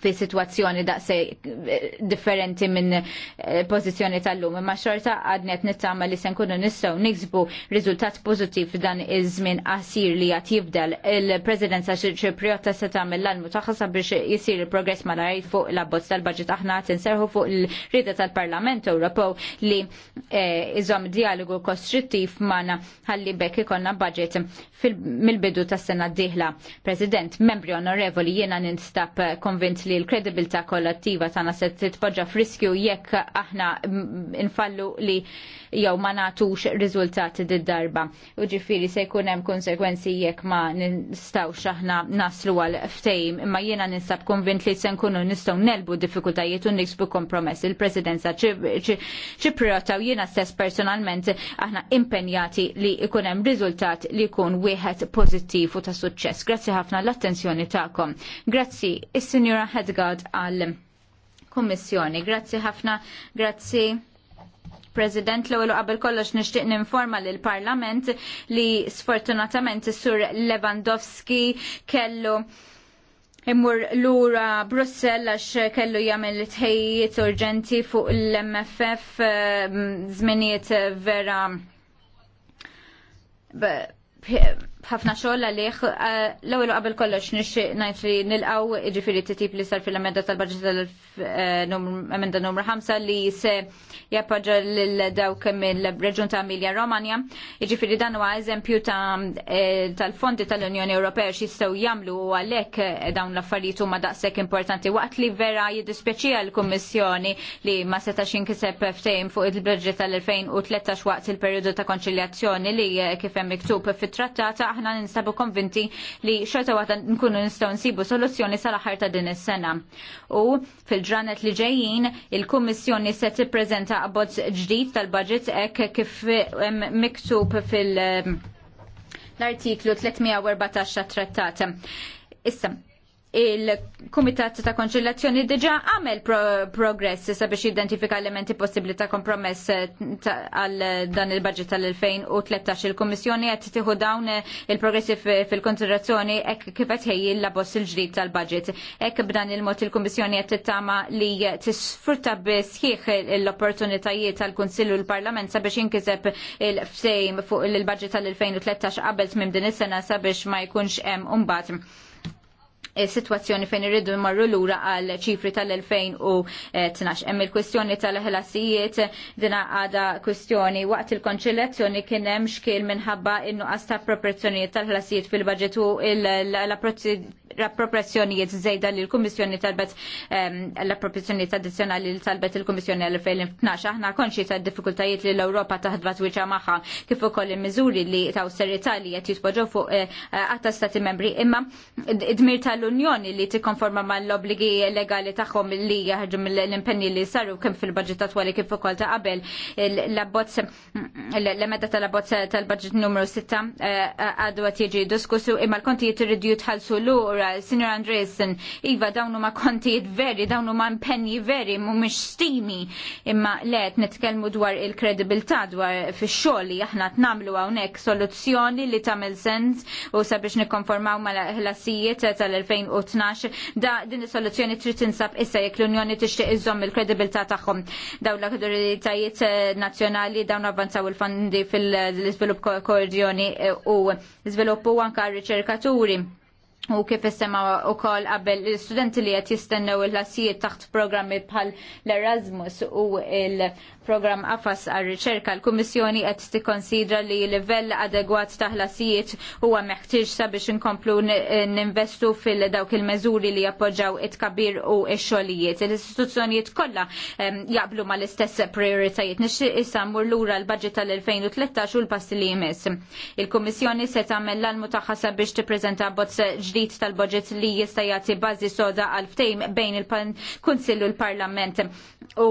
fi situazzjoni daqse eh, differenti minn eh, pozizjoni tal-lum. Ma xorta għadnet nittama li se nkunu nistaw nixbu riżultat pozittiv f'dan iż-żmien qasir li qed jibdel. Il-Presidenza Ċipriota se tagħmel l-almu tagħha biex jisir il-progress malajr fuq l-abbozz tal-baġit aħna tinserħu fuq il-rida tal-Parlament Ewropew li eh, iżom dialogu kostrittiv magħna ħalli bekk ikollna budget mill-bidu tas-sena d-dieħla. President, membri onorevoli, jiena ninstab konvint li l-kredibilità kollettiva tagħna se titpoġġa f'riskju jekk aħna infallu li jew ma nagħtux riżultati d-darba. U ġifieri se jkun hemm konsekwenzi jekk ma nistgħux aħna naslu għal ftejm, imma jiena nistab konvint li se nkunu nistgħu nelbu diffikultajiet u niksbu kompromess. Il-Presidenza ċipriota u jiena stess personalment aħna impenjati li jkun hemm riżultat li jkun wieħed pożittiv u ta' suċċess. Grazzi ħafna l-attenzjoni tagħkom. Grazzi, is-Sinjura Hedgard għal Kommissjoni. Grazzi ħafna, grazzi. President l ewwel qabel kollox nixtieq ninforma lill parlament li sfortunatament is-sur Lewandowski kellu l lura Brussell għax kellu jagħmel tħejjiet urġenti fuq l-MFF eh, żminijiet vera ħafna xogħol għalih eh, l-ewwel qabel kollox nixtieq najt li nilqgħu jiġifieri tip li sar fil-emenda tal bagġet eh, tal-emenda numru 5 li se l lil dawk mill-Reġjun ta' Emilia Romanja. Jiġifieri dan huwa eżempju eh, tal-fondi tal-Unjoni Ewropea x'jistgħu jagħmlu u għalhekk dawn l-affarijiet huma daqshekk importanti waqt li vera jiddispjaċija l-Kummissjoni li ma setax inkiseb ftehim fuq il-budget tal-2013 waqt il-perjodu ta' konċiljazzjoni li kif hemm miktub fit trattata aħna ninsabu konvinti li xorta waħda nkunu nistgħu nsibu soluzzjoni sal-aħħar ta' din is-sena. U fil-ġranet li ġejjin il-Kummissjoni se tippreżenta abbozz ġdid tal-budget hekk kif miktub fil- ehm, l-artiklu 314 trattat. Issa, il-Kumitat ta' Konċillazzjoni diġa għamel pro progress sabiex jidentifika elementi possibli ta' kompromess eh, għal dan il-budget tal-2013. Il-Kommissjoni għed tiħu dawn eh, il-progressi fil-konsiderazzjoni ek kifet ħej l boss il-ġdid tal-budget. Ek b'dan il-mod il-Kommissjoni għed t-tama li tisfrutta bisħiħ l-opportunitajiet tal-Konsillu l-Parlament sabiex jinkiseb il-fsejm fuq il-budget tal-2013 qabel minn din is-sena sabiex ma jkunx hemm umbat Eh, situazzjoni fejn irridu marru lura għal ċifri tal-2012. Hemm il-kwestjoni tal-ħlasijiet dina għada kwestjoni waqt il-konċiljazzjoni kien hemm xkil minħabba in-nuqqas ta' proporzjonijiet tal-ħlasijiet fil-baġġet u l-appropriazzjonijiet żejda li l-Kummissjoni talbet ehm, l-appropriazzjonijiet addizzjonali li talbet il-Kummissjoni għal-2012. Aħna konxi ta' diffikultajiet li l-Ewropa taħdbat wiċa magħha kif ukoll il-miżuri li ta' li qed jitpoġġew fuq għatta eh, stati membri imma id-dmir tal l-Unjoni li tikkonforma ma l-obligi legali tagħhom li jaħġu mill-impenni li saru kemm fil-budget attwali kif ukoll ta' qabel l-abbozz l emeda tal-abbozz tal-budget numru 6 eh, għadu għat jiġi diskussu imma l-kontijiet irridu jitħallsu lura Sinjor Andresen iva dawn huma kontijiet veri dawn huma impenni veri mhumiex stimi imma le qed nitkellmu dwar il-kredibilità dwar fix-xogħol li aħna nagħmlu hawnhekk soluzzjoni li tagħmel sens u sabiex nikkonformaw mal-ħlasijiet tal-2000 2012 da din is-soluzzjoni trid tinsab issa jekk l-Unjoni tixtieq iżomm il-kredibilità tagħhom. Dawn l-autoritajiet eh, nazzjonali dawn avvanzaw il-fondi fil-iżvilupp koordjoni eh, u iżviluppu anke r-riċerkaturi U kif issema u koll qabel l-studenti li qed jistennew il-lasijiet taħt programmi bħal l-Erasmus u il-programm AFAS għar riċerka l-Kummissjoni qed tikkonsidra li l livell adegwat ta' ħlasijiet huwa meħtieġ sabiex inkomplu ninvestu fil-dawk il-meżuri li jappoġaw it-kabir u x-xogħlijiet. L-istituzzjonijiet kollha jaqblu mal-istess prioritajiet nixtieq issa mmur lura l-budget tal-2013 u l-passi li jmiss. Il-Kummissjoni se tagħmel l-almu tagħha sabiex tippreżenta bozz tlit tal-budget li jista' jagħti bażi soda għal ftejm bejn il-Kunsill u l-Parlament. U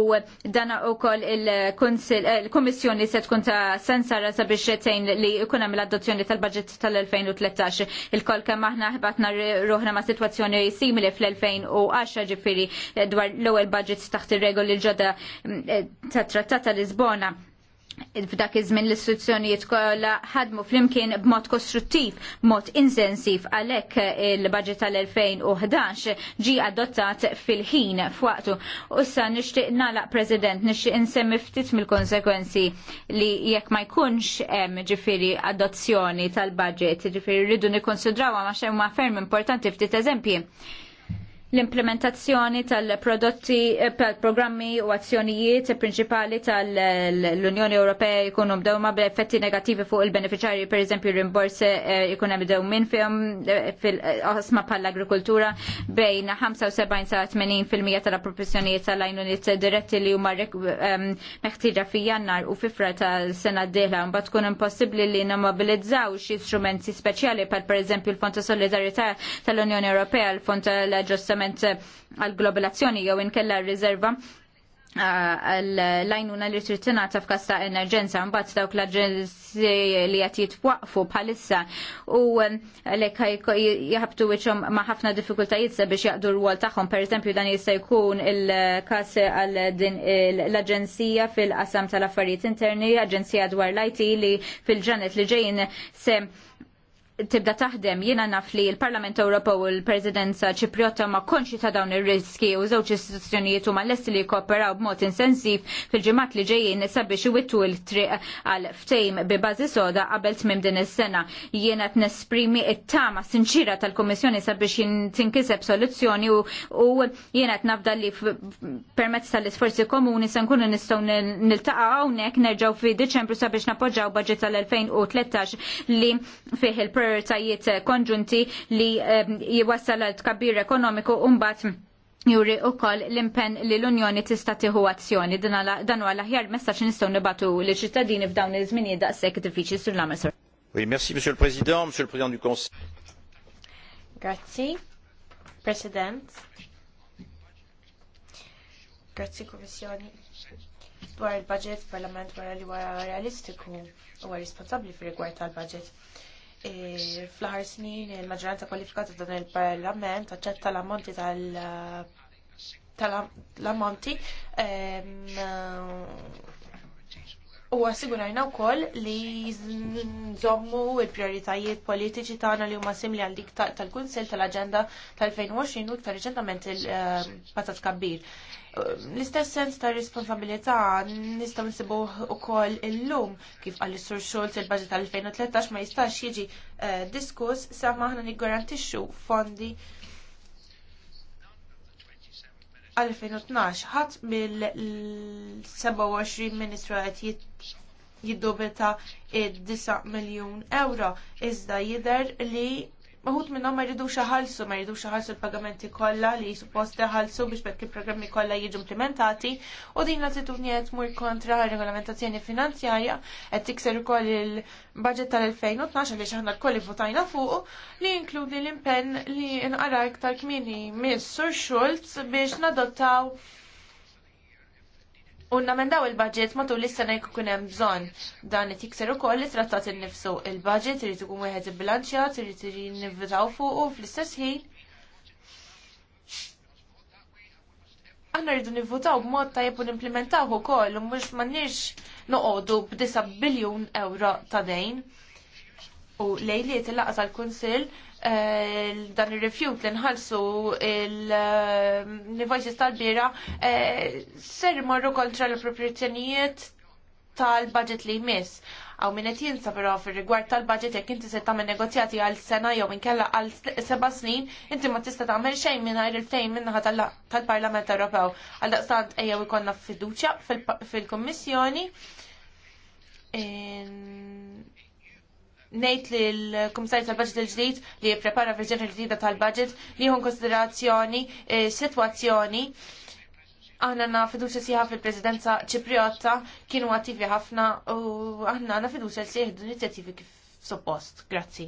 dan wkoll eh, il-Kummissjoni se tkun ta' sensara sabiex tgħin li jkun hemm l-adozzjoni tal-budget tal-2013. il koll kemm aħna ħbatna ruħna ma' sitwazzjoni simili fl-2010 ġifieri eh, dwar l-ewwel budget taħt ir-regoli l-ġodda mm, eh, tat-Trattat ta' Lisbona f'dak iż-żmien l-istituzzjonijiet kollha ħadmu flimkien b'mod kostruttiv, b'mod insensiv għalhekk il-budget tal-2011 ġi adottat fil-ħin f'waqtu. U issa nixtieq nagħlaq President nixtieq insemmi ftit mill-konsekwenzi li jekk ma jkunx hemm ġifieri adozzjoni tal-budget, ġifieri rridu nikkonsidrawha għax hemm ferm importanti ftit eżempji l-implementazzjoni tal-prodotti eh, tal-programmi u azzjonijiet prinċipali tal-Unjoni Ewropea jkunu mdewma b'effetti negativi fuq il-beneficjarji, per eżempju rimborse eh, jkunu hemm minn fihom eh, fil osma pal agrikoltura bejn 75 sa 80% tal professjonijiet tal ajnuniet diretti li huma ehm, meħtieġa fi jannar u fifra tal-sena d-dieħla mbagħad tkun impossibbli li nimmobilizzaw xi strumenti speċjali bħal pereżempju l-Fond ta' Solidarità tal-Unjoni Ewropea, l-Fond tal-Aġġustament ovvjament eh, għal-globalazzjoni jew inkella r-riserva eh, l-lajnuna li trittina ta' f'kasta enerġenza, mbagħad dawk l-aġenzi li qed jitwaqfu bħalissa u eh, lek jaħbtu wiċċhom ma' ħafna diffikultajiet biex jaqdu r-wol tagħhom. Pereżempju dan jista' jkun il-każ għal din l-Aġenzija fil-qasam tal-affarijiet interni, Aġenzija dwar l-IT li fil-ġanet li ġejn se tibda taħdem jiena naf li l-Parlament Ewropew u l-Presidenza Ċipriotta ma konxi ta' dawn ir-riski u żewġ istituzzjonijiet huma lesti li jkooperaw b'mod intensiv fil-ġimgħat li ġejjin sabiex iwittu l-triq għal ftejm bi bażi soda qabel tmiem din is-sena. Jiena qed nesprimi it-tama sinċira tal-Kummissjoni sabiex tinkiseb soluzzjoni u jiena qed nafda li permezz tal-isforzi komuni se nkunu nistgħu niltaqa' hawnhekk nerġgħu fi Diċembru sabiex nappoġġaw budget tal-2013 li fih il prioritajiet konġunti li ehm, jwassal għal tkabbir ekonomiku umbat juri u koll l-impen li l-Unjoni tista tiħu azzjoni. Dan huwa l-aħjar messaġġ nistgħu nibatu li ċittadini f'dawn iż-żmini daqshekk diffiċli sur l-Amazon. Oui, merci Monsieur le Président, Monsieur le Président du Conseil. Grazzi, President. Grazie, Commissioni. Dwar il-budget, Parlament wara li wara realistiku u responsabbli fil rigward tal-budget. E, fl-ħar snin il-maġġoranza kwalifikata dan il-parlament aċċetta l-ammonti tal- tal-ammonti u assigurajna wkoll li jizommu l-prioritajiet politiċi tagħna li huma simili għal dik tal kunsill tal-Aġenda tal-2020 u tal riċentament il-Patat eh, Kabbir l-istess sens ta' responsabilità nistgħu nsibu wkoll illum kif qal sur Schulz il-budget tal-2013 ma jistax jiġi eh, diskuss sa maħna aħna fondi għal 2012 ħadd mill-27 ministru qed jiddubita id-9 miljun euro iżda jidher li maħut minnom ma jridux ħalsu, ma jridux ħalsu l-pagamenti kollha li supposta ħalsu biex bekk il-programmi kollha jiġu implementati u din l-attitudni qed tmur kontra regolamentazzjoni finanzjarja qed tikser ukoll il-budget tal-2012 li aħna l-kolli votajna fuq li jinkludi l-impenn li nqara iktar kmieni miss Sur Schultz biex nadottaw daw il-budget matul l-istana jkun hemm bżonn dan it jikseru ukoll li trattat innifsu. Il-budget irid ikun wieħed ibbilanċjat, irid jinnivvitaw fuq u fl-istess ħin. Aħna rridu nivvutaw b'mod tajjeb u nimplementaw ukoll u mhux m'għandniex noqogħdu b'disa' biljun euro ta' dejn. U lejliet il-laqgħa tal-Kunsill Eh, dan il-refjut li nħalsu il-voices eh, tal-bira eh, ser marru kontra l proprietjonijiet tal-budget li jmiss. Għaw minnet jinsa però fil-rigward tal-budget jek inti se tagħmel negozjati għal sena jew inkella għal seba' snin, inti ma tista' tagħmel xejn mingħajr il-fejn minnaħa tal-Parlament Ewropew. Għal daqstant ejjew ikonna fiduċja fil-Kummissjoni nejt li l-Komissarju tal-Budget il-ġdid li jipprepara verżjoni ġdida tal-Budget li jħun konsiderazzjoni eh, situazzjoni aħna na fiduċa siħa fil-Presidenza Ċipriotta kienu attivi ħafna u aħna na fiduċa siħa siħdu inizjattivi kif suppost. Grazzi.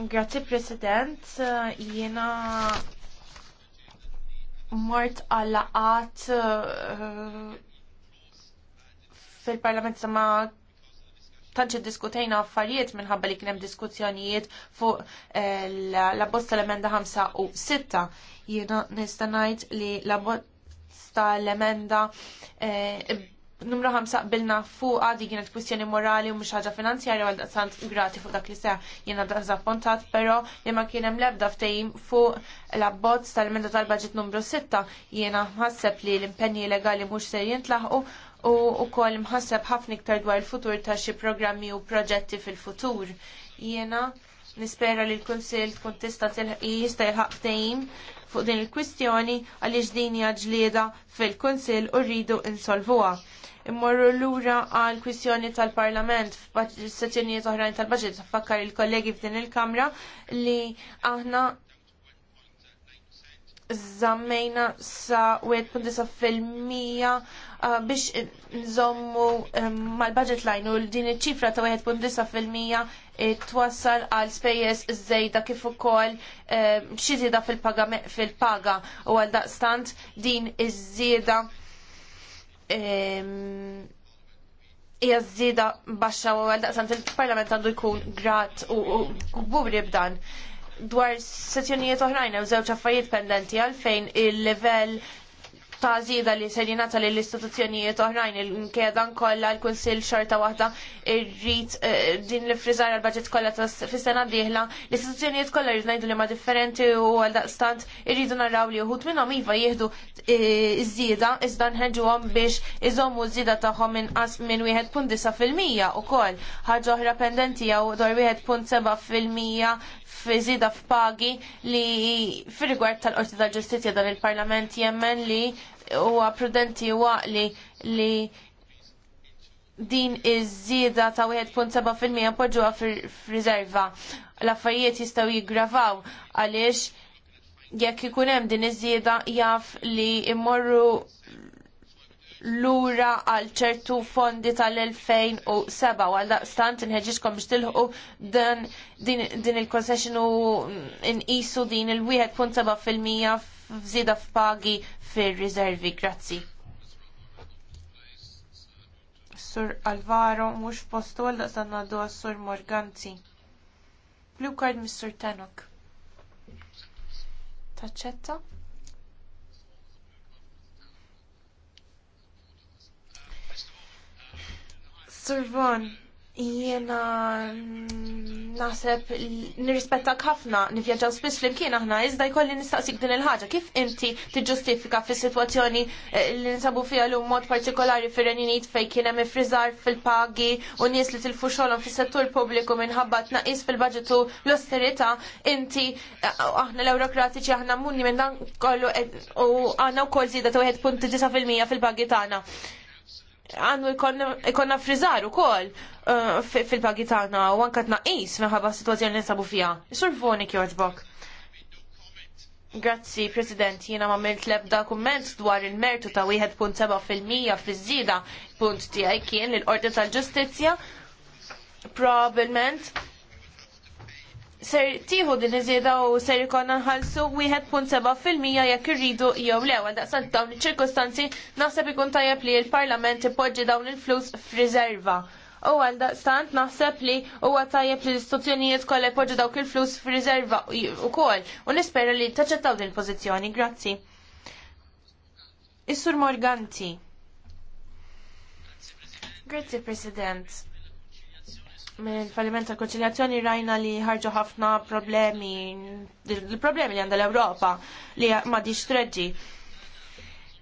Grazzi President, jiena mort għallaqat uh, eh, fil-Parlament ma tantx diskutejna affarijiet minħabba li kienem diskussjonijiet fuq eh, la bosta l-emenda 5 u 6. Jiena nista' ngħid li la bosta l-emenda eh, numru 5 bilna fuq għadi kienet kwistjoni morali u mux ħaġa finanzjarja għal daqsant grati fuq dak li seħ jiena daqsappuntat pero li ma kien hemm l-ebda la fuq l tal-emenda tal-baġit numru 6 jiena ħasseb li l-impenji legali mhux se laħu u ukoll mħasseb ħafna iktar dwar il-futur ta' xi programmi u proġetti fil-futur. Jiena nispera li l-Kunsill tkun tista' jista' jilħaq ftehim fuq din il-kwistjoni għaliex din hija ġlieda fil-Kunsill u rridu insolvuha. Immorru lura għal kwistjoni tal-Parlament f'sezzjonijiet oħrajn tal-Baġit fakkar il-kollegi f'din il-Kamra li aħna zammejna sa 1.9% uh, biex nżommu um, mal-budget line u din iċ-ċifra ta' 1.9% eh, twassal għal spejjeż żejda kif ukoll um, xi żieda fil-paga u għal daqstant din iż-żieda um, hija żieda baxxa u għal daqstant il-Parlament għandu jkun grat u gburi b'dan dwar sezzjonijiet oħrajn u żewġ affarijiet pendenti għalfejn il-level ta' zida li ser jingħata lill istituzzjonijiet oħrajn il-nkedan kollha l-Kunsill xorta waħda irrid eh, din li friżar għall-baġġett kollha fis-sena d-dieħla. L-istituzzjonijiet kollha jrid ngħidu li ma' differenti u għal daqstant irridu naraw li wħud minnhom iva jieħdu iż-żieda eh, iżda nħeġuhom biex iżommu ż-żieda tagħhom inqas minn wieħed punt disa' fil-mija wkoll Ħaġa oħra pendenti jew dwar wieħed punt seba' fil-mija f'żida f'pagi li fir-rigward tal-Qorti tal-Ġustizzja dan il-Parlament jemmen li huwa prudenti waqli li din iż-żieda ta' 1.7% appoġġuha fir-riserva. L-affarijiet jistgħu jiggravaw għaliex jekk ikun hemm din iż-żieda jaf li immorru lura għal ċertu fondi tal-2007 għal daqstant inħeġġiskom biex tilħu din il-concession u nqisu din il-1.7% f'żieda f'pagi fir rizervi Grazzi. Sur Alvaro, mhux postu għal daqstant għaddu sur Morganzi. Blue card Mr. sur Taċċetta? Survon, jiena naħseb nirrispettak ħafna, nivjaġaw spiss flimkien aħna, iżda jkolli nistaqsik din il-ħaġa, kif inti tiġġustifika fis situazzjoni eh, li nsabu fiha l mod partikolari fir reninit fej kienem frizar fil-pagi u nies li tilfu fuxolom fis-settur pubbliku minħabba tnaqis fil-baġitu l osterita inti eh, aħna l eurokratiċi aħna munni minn dan kollu eh, u għandna wkoll żieda ta' 1.9 fil-mija fil-pagi tagħna għandu jkollna frizzar ukoll uh, fil-pagi tagħna u anke tnaqqis minħabba s-sitwazzjoni li sabu fiha. Sur Vonik jogħġbok. Grazzi, President, jiena ma milt lebda kumment dwar il-mertu ta' 1.7% fil-żida punt tiegħi kien l-Ordi tal-Ġustizzja. Probablement ser tieħu din iżjeda u ser ikonna nħallsu wieħed pun seba' fil-mija jekk irridu jew le għal daqsan dawn iċ-ċirkostanzi naħseb ikun tajjeb li l-Parlament ipoġġi dawn il-flus f'riserva. U għal daqstant naħseb li huwa tajjeb li l-istituzzjonijiet kollha jpoġġu dawk il-flus f'riserva wkoll u nispera li taċċettaw din il-pożizzjoni. Grazzi. Is-Sur Morganti. Grazzi President. Mill-falliment ta' konċiljazzjoni rajna li ħarġu ħafna problemi, il-problemi li għanda l-Ewropa li ma diċ treġġi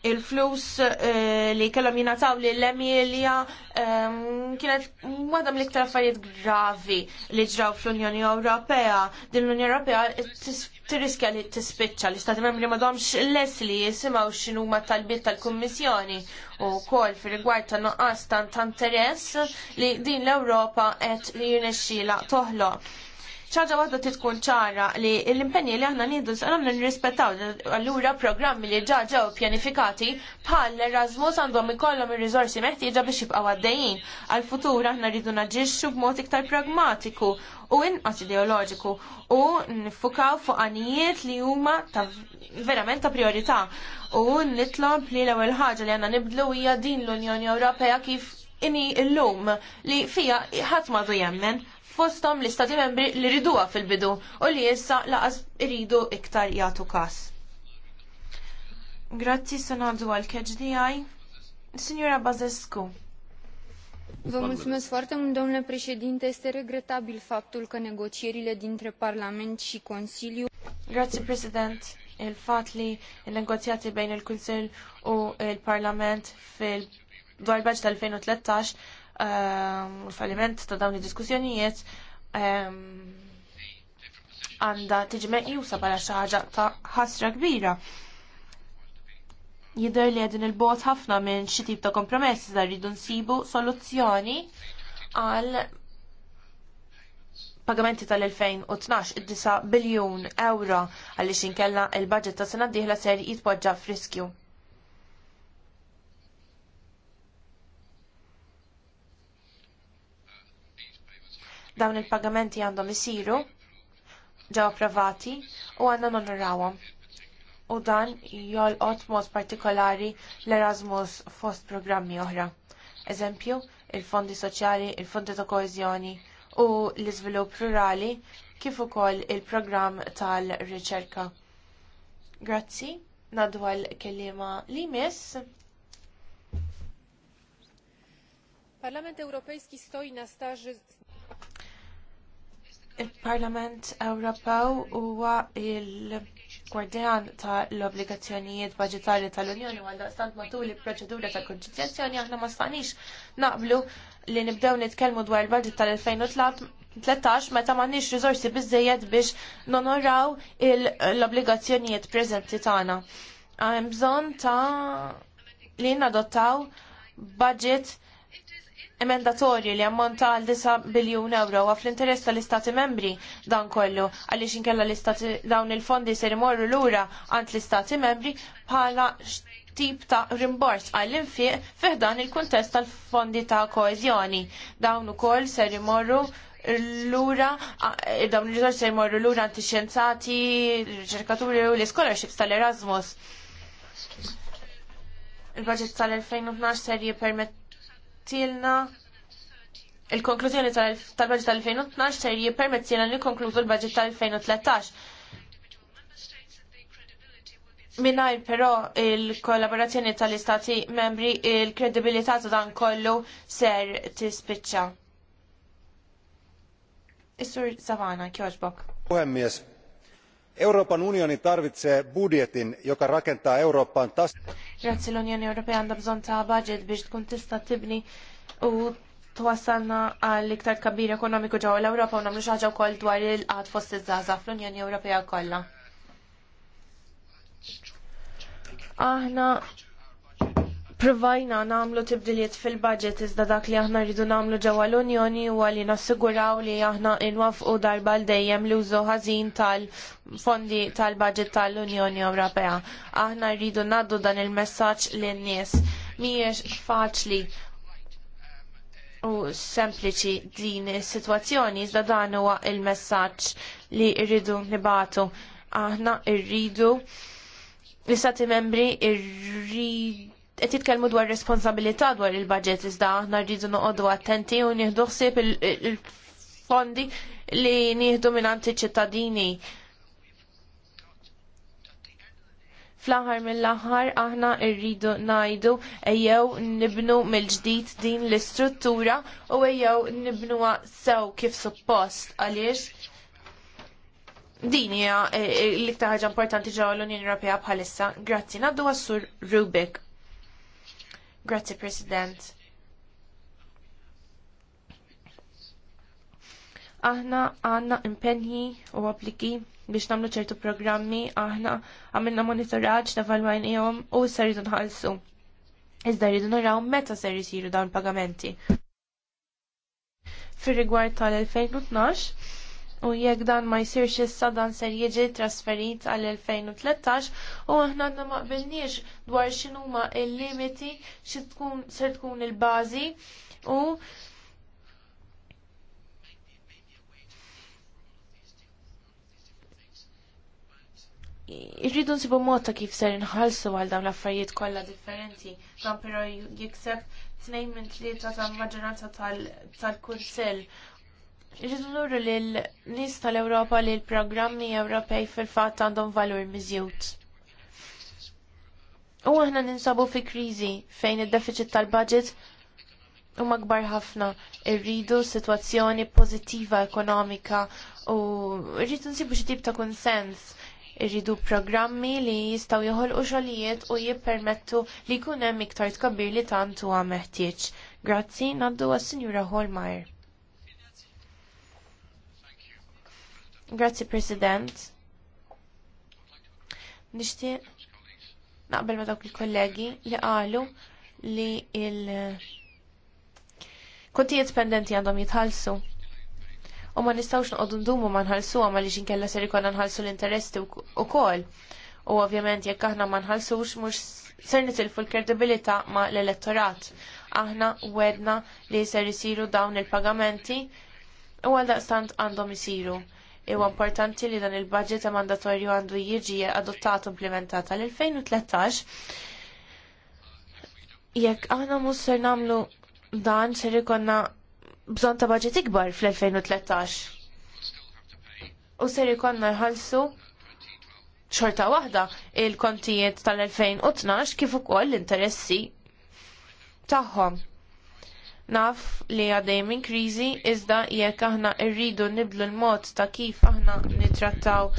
il-flus eh, li kellhom jingħataw lill Emilja ehm, kienet wadam l-iktar affarijiet gravi li ġraw fl-Unjoni Ewropea. Din l-Unjoni Ewropea tirriskja li tispiċċa li stati membri m'għadhomx les li jisimgħu x'inhu ma talbiet tal-Kummissjoni u wkoll fir-rigward ta' noqqas tant interess li din l-Ewropa qed jirnexxila toħloq ċaġa għadda titkun ċara li l impenni li aħna nidu s-għanna nirrispettaw għallura programmi li ġaġa u pjanifikati bħal Erasmus għandhom ikollhom ir rizorsi meħtieġa biex jibqa' għaddejjin. Għal-futur aħna rridu naġixxu b'mod iktar pragmatiku u inqas ideoloġiku u nifukaw fuq għanijiet li huma ta' verament ta' priorità u nitlob li l-ewwel ħaġa li għandna nibdlu hija din l-Unjoni Ewropea kif l-lum li fija ħadd madu jemmen fostom l-istati membri li riduha fil-bidu u li jessa laqas iridu iktar jagħtu kas. Grazzi sanadu għal keġdijaj. Signora Bazescu. Vă mulțumesc foarte mult, domnule președinte. Este regretabil faptul că negocierile dintre Parlament și Consiliu... Grazie, președinte. Il-fat li il-negozjati bejn il-Kunsil u il-Parlament fil dwar il-Baġġ 2013 u ehm, l-falliment ta' dawn id-diskussjonijiet ehm, għanda tiġi jusa bħala xi ħaġa ta' ħasra kbira. Jidher li għedin il-bot ħafna minn xi tip ta' kompromess da rridu nsibu soluzzjoni għal pagamenti tal-2012 id disa biljun euro għaliex xinkella il-budget ta' sena d ser jitpoġġa f'riskju. Dawn il-pagamenti għandhom isiru ġew approvati u għandhom nonorawhom. U dan jolqot mod partikolari l-Erasmus fost programmi oħra. Eżempju, il-fondi soċjali, il-fondi ta' koeżjoni u l-iżvilupp rurali kif ukoll il-programm tal-riċerka. Grazzi, nadu għal kelliema li miss. Parlament Ewropejski stoi na staż Il-Parlament Ewropew huwa il-gwardjan tal-obbligazzjonijiet budġetarji tal-Unjoni għal daqstant matul il-proċedura ta' konċiljazzjoni aħna ma stanix naqblu li nibdew nitkellmu dwar il-budget tal-2013 meta m'għandniex riżorsi biżejjed biex nonoraw l-obbligazzjonijiet preżenti tagħna. Hemm bżonn ta' li nadottaw budget emendatorji li ammonta għal 9 biljun euro għaf l-interess tal-istati membri dan kollu għaliex inkella l-istati dawn il-fondi ser imorru lura għand l-istati membri bħala tip ta' rimbors għall-infiq fiħdan il-kuntest tal-fondi ta' koezjoni. Dawn ukoll ser imorru l-ura, dawn il ser imorru lura għand ix-xjenzati, riċerkaturi u l-scholarships tal-Erasmus. Il-budget tal-2012 ser jippermet Tilna il-konklużjoni tal-budget tal-2012 ser jippermettilna li konkludu l-budget tal-2013. Minajr però il-kollaborazzjoni tal-istati membri il-kredibilità ta' dan kollu ser tispiċċa. Is-sur Savana, kjoġbok euroopan unioni tarvitsee budjetin joka rakentaa eurooppaan Grazzi l-Unjoni Europea għandha bżonn ta' budget biex tkun tista' tibni u twassalna għal iktar kabir ekonomiku ġewwa l-Ewropa u nagħmlu xi ħaġa wkoll dwar il-qatt fost iż-żgħażagħ fl-Unjoni Ewropea kollha. Aħna Provajna namlu tibdiliet fil-budget iżda dak li aħna rridu namlu ġewwa l-Unjoni huwa li nassiguraw li aħna inwafqu darba l dejjem l użu ħażin tal-fondi tal-budget tal-Unjoni Ewropea. Aħna rridu naddu dan il-messaġġ lin-nies. Mhijiex faċli u sempliċi din is-sitwazzjoni iżda dan huwa il-messaġġ li rridu nibatu. Aħna rridu l-istati membri rridu qed jitkellmu dwar responsabilità dwar il-budget iżda aħna rridu noqogħdu attenti u nieħdu ħsieb il-fondi li nieħdu mingħand iċ-ċittadini. Fl-aħħar mill-aħħar aħna rridu ngħidu ejjew nibnu mill-ġdid din l-istruttura u ejjew nibnuha sew kif suppost għaliex din hija eh, l-iktar ħaġa importanti ġewwa l-Unjoni Ewropea bħalissa. Grazzi, ngħaddu għas-sur Rubik. Grazzi, President. Aħna għanna impenji u appliki biex namlu ċertu programmi, aħna għamilna monitoraġ ta' valwajn jom u s rridu nħallsu. Iżda rridu naraw meta ser jisiru dawn pagamenti. Fir rigward tal-2012, u jekk dan ma jsirx issa dan ser jiġi trasferit għal 2013 u aħna għandna ma qbilniex dwar x'inhuma il-limiti xi tkun ser tkun il-bażi u Irridu nsibu mod ta' kif ser inħallsu għal dawn l-affarijiet kollha differenti, dan però jikseb tnejn minn tlieta tal-maġġoranza tal-kunsell Irridur l-nis tal-Europa li l-programmi Ewropej fil-fat għandhom valur miżjut. U aħna ninsabu fi krizi fejn id-deficit tal-budget u magbar ħafna irridu situazzjoni pozittiva ekonomika u rridu nsibu xi tip ta' konsens irridu programmi li jistaw u xogħlijiet u jippermettu li jkun hemm iktar tkabbir li tant huwa meħtieġ. Grazzi, naddu għas-Sinjura Holmeyer. Grazzi President. Nishti naqbel ma dawk il-kollegi li qalu li il- Konti jitpendenti għandhom jitħallsu. U ma nistawx noqogħdu ndumu ma nħalsu għamma li xinkella ser ikonna nħallsu l-interessi wkoll. U ovvjament jekk aħna ma nħallsux mhux ser nitilfu l-kredibilità ma l-elettorat. Aħna wedna li ser isiru dawn il-pagamenti u għal daqstant għandhom isiru Huwa importanti li dan il-budget mandatorju għandu jiġi adottat u implementat għal-2013. Jekk aħna mhux ser nagħmlu dan ser ikonna bżonn ta' budget ikbar fl-2013. U ser ikollna jħallsu xorta waħda il-kontijiet tal-2012 kif ukoll l-interessi tagħhom. Naf li għadej minn kriżi iżda jekk aħna rridu niblu l-mod ta' kif aħna nitrattaw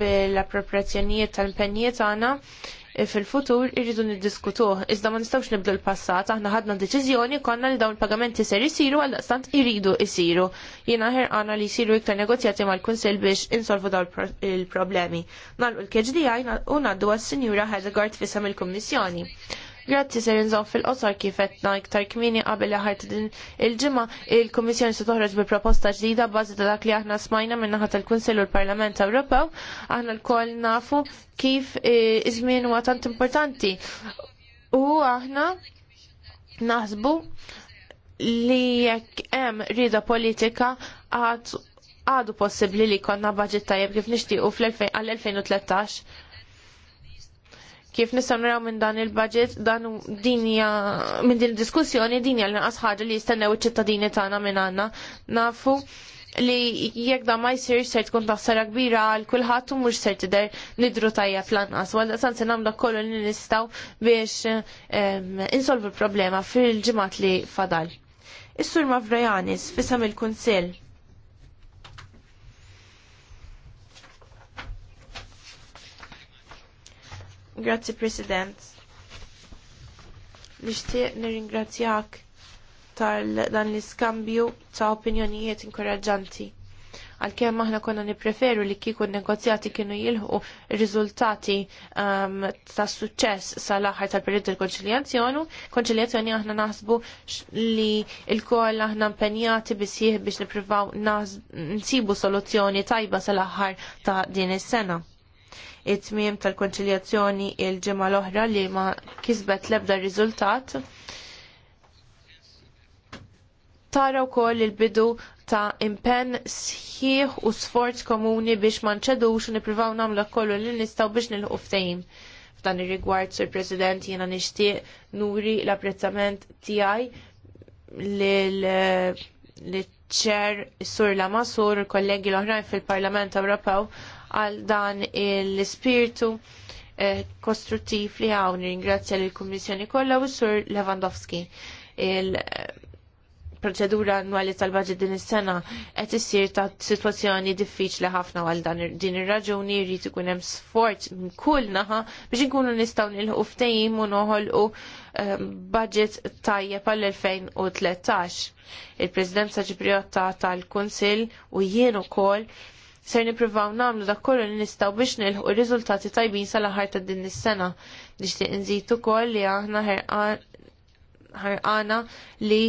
bil-appropriazzjonijiet tal-impenjiet tagħna eh, fil-futur irridu niddiskutuh. Iżda ma nistgħux nibdu l-passat, aħna ħadna deċiżjoni konna li dawn il-pagamenti ser isiru għal daqstant irridu isiru. Jiena għana li jsiru iktar negozjati mal-Kunsill biex insolvu dawn il-problemi. Nagħlqu l-KHDI u ngħaddu għas-Sinjura Hedegard fisem il-Kummissjoni. Grazzi se nżomm fil-qosor kif qed iktar kmini qabel aħar din il-ġimgħa il-Kummissjoni se toħroġ bi proposta ġdida bażi ta' dak li aħna smajna minn naħa tal-Kunsill u l-Parlament Ewropew. Aħna l nafu kif e, iż-żmien huwa tant importanti. U aħna naħsbu li jekk hemm rida politika għad għadu possibli li konna budget tajjeb kif nixtiequ għal-2013 kif nistgħu naraw minn dan il-budget dan dinja minn din diskussjoni dinja l-inqas ħaġa li jistennew iċ-ċittadini tagħna minn għandna. Nafu li jekk da ma jsir ser tkun taħsara kbira għal kulħadd u mhux ser tidher nidru tajja fl-anqas. Walla san se nagħmlu kollu li nistgħu biex insolvu l-problema fil-ġimgħat li fadal. Is-sur Mavrojanis fisam il-Kunsill Grazzi President. Nixtieq nirringrazzjak tal dan l-iskambju ta' opinjonijiet inkoraġġanti. Għalkemm aħna konna nippreferu li kieku negozjati kienu jilħu riżultati um, ehm, ta' suċċess sal-aħħar tal-periodu tal-konċiljazzjoni, konċiljazzjoni aħna naħsbu li l-koll aħna impenjati bisih biex nippruvaw nsibu soluzzjoni tajba sal-aħħar ta' din is-sena it-tmiem tal-konċiljazzjoni il-ġimgħa l-oħra li ma kisbet l-ebda riżultat. Tara wkoll il-bidu ta' impenn sħiħ u sforz komuni biex ma nċedux u nippruvaw nagħmlu kollu li nistgħu biex nilħu ftehim. F'dan ir-rigward, Sur President, jiena nixtieq nuri l-apprezzament tiegħi lil ċer Sur Lamasur, kollegi l-oħrajn fil-Parlament Ewropew għal dan l-spiritu eh, kostruttiv li għaw ringrazzja l kummissjoni kollha u s-sur Lewandowski. Il-proċedura eh, annwali tal-budget din is-sena qed issir ta' sitwazzjoni diffiċli ħafna għal dan din ir-raġuni jrid ikun hemm sforz minn kull naħa biex inkunu nistgħu nilħu ftehim u noħolqu eh, budget tajjeb għall-2013. il saġi Ġibriotta tal-Kunsill u jien ukoll kol Ser nippruvaw nagħmlu dak kollu li nistgħu biex nilħu r-riżultati tajbin sal-aħħar ta' din is-sena. Nixtieq inżid ukoll li aħna ħarqana li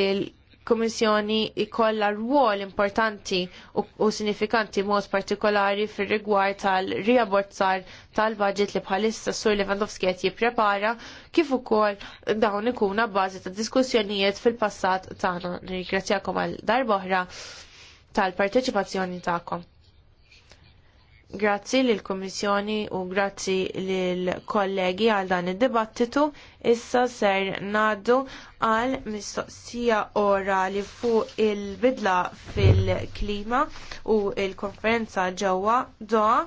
il- kummissjoni ikolla rwol importanti u, u sinifikanti mod partikolari fir rigward tal-riabbozzar tal-budget li bħalissa Sur Lewandowski qed jipprepara kif ukoll dawn ikuna bbażi ta' diskussjonijiet fil-passat tagħna. Nirringrazzjakom għal darba oħra tal-parteċipazzjoni tagħkom. Grazzi lill kummissjoni u grazzi lill kollegi għal dan id-dibattitu. Issa ser naddu għal mistoqsija orali fuq il-bidla fil-klima u l konferenza ġewwa Doha.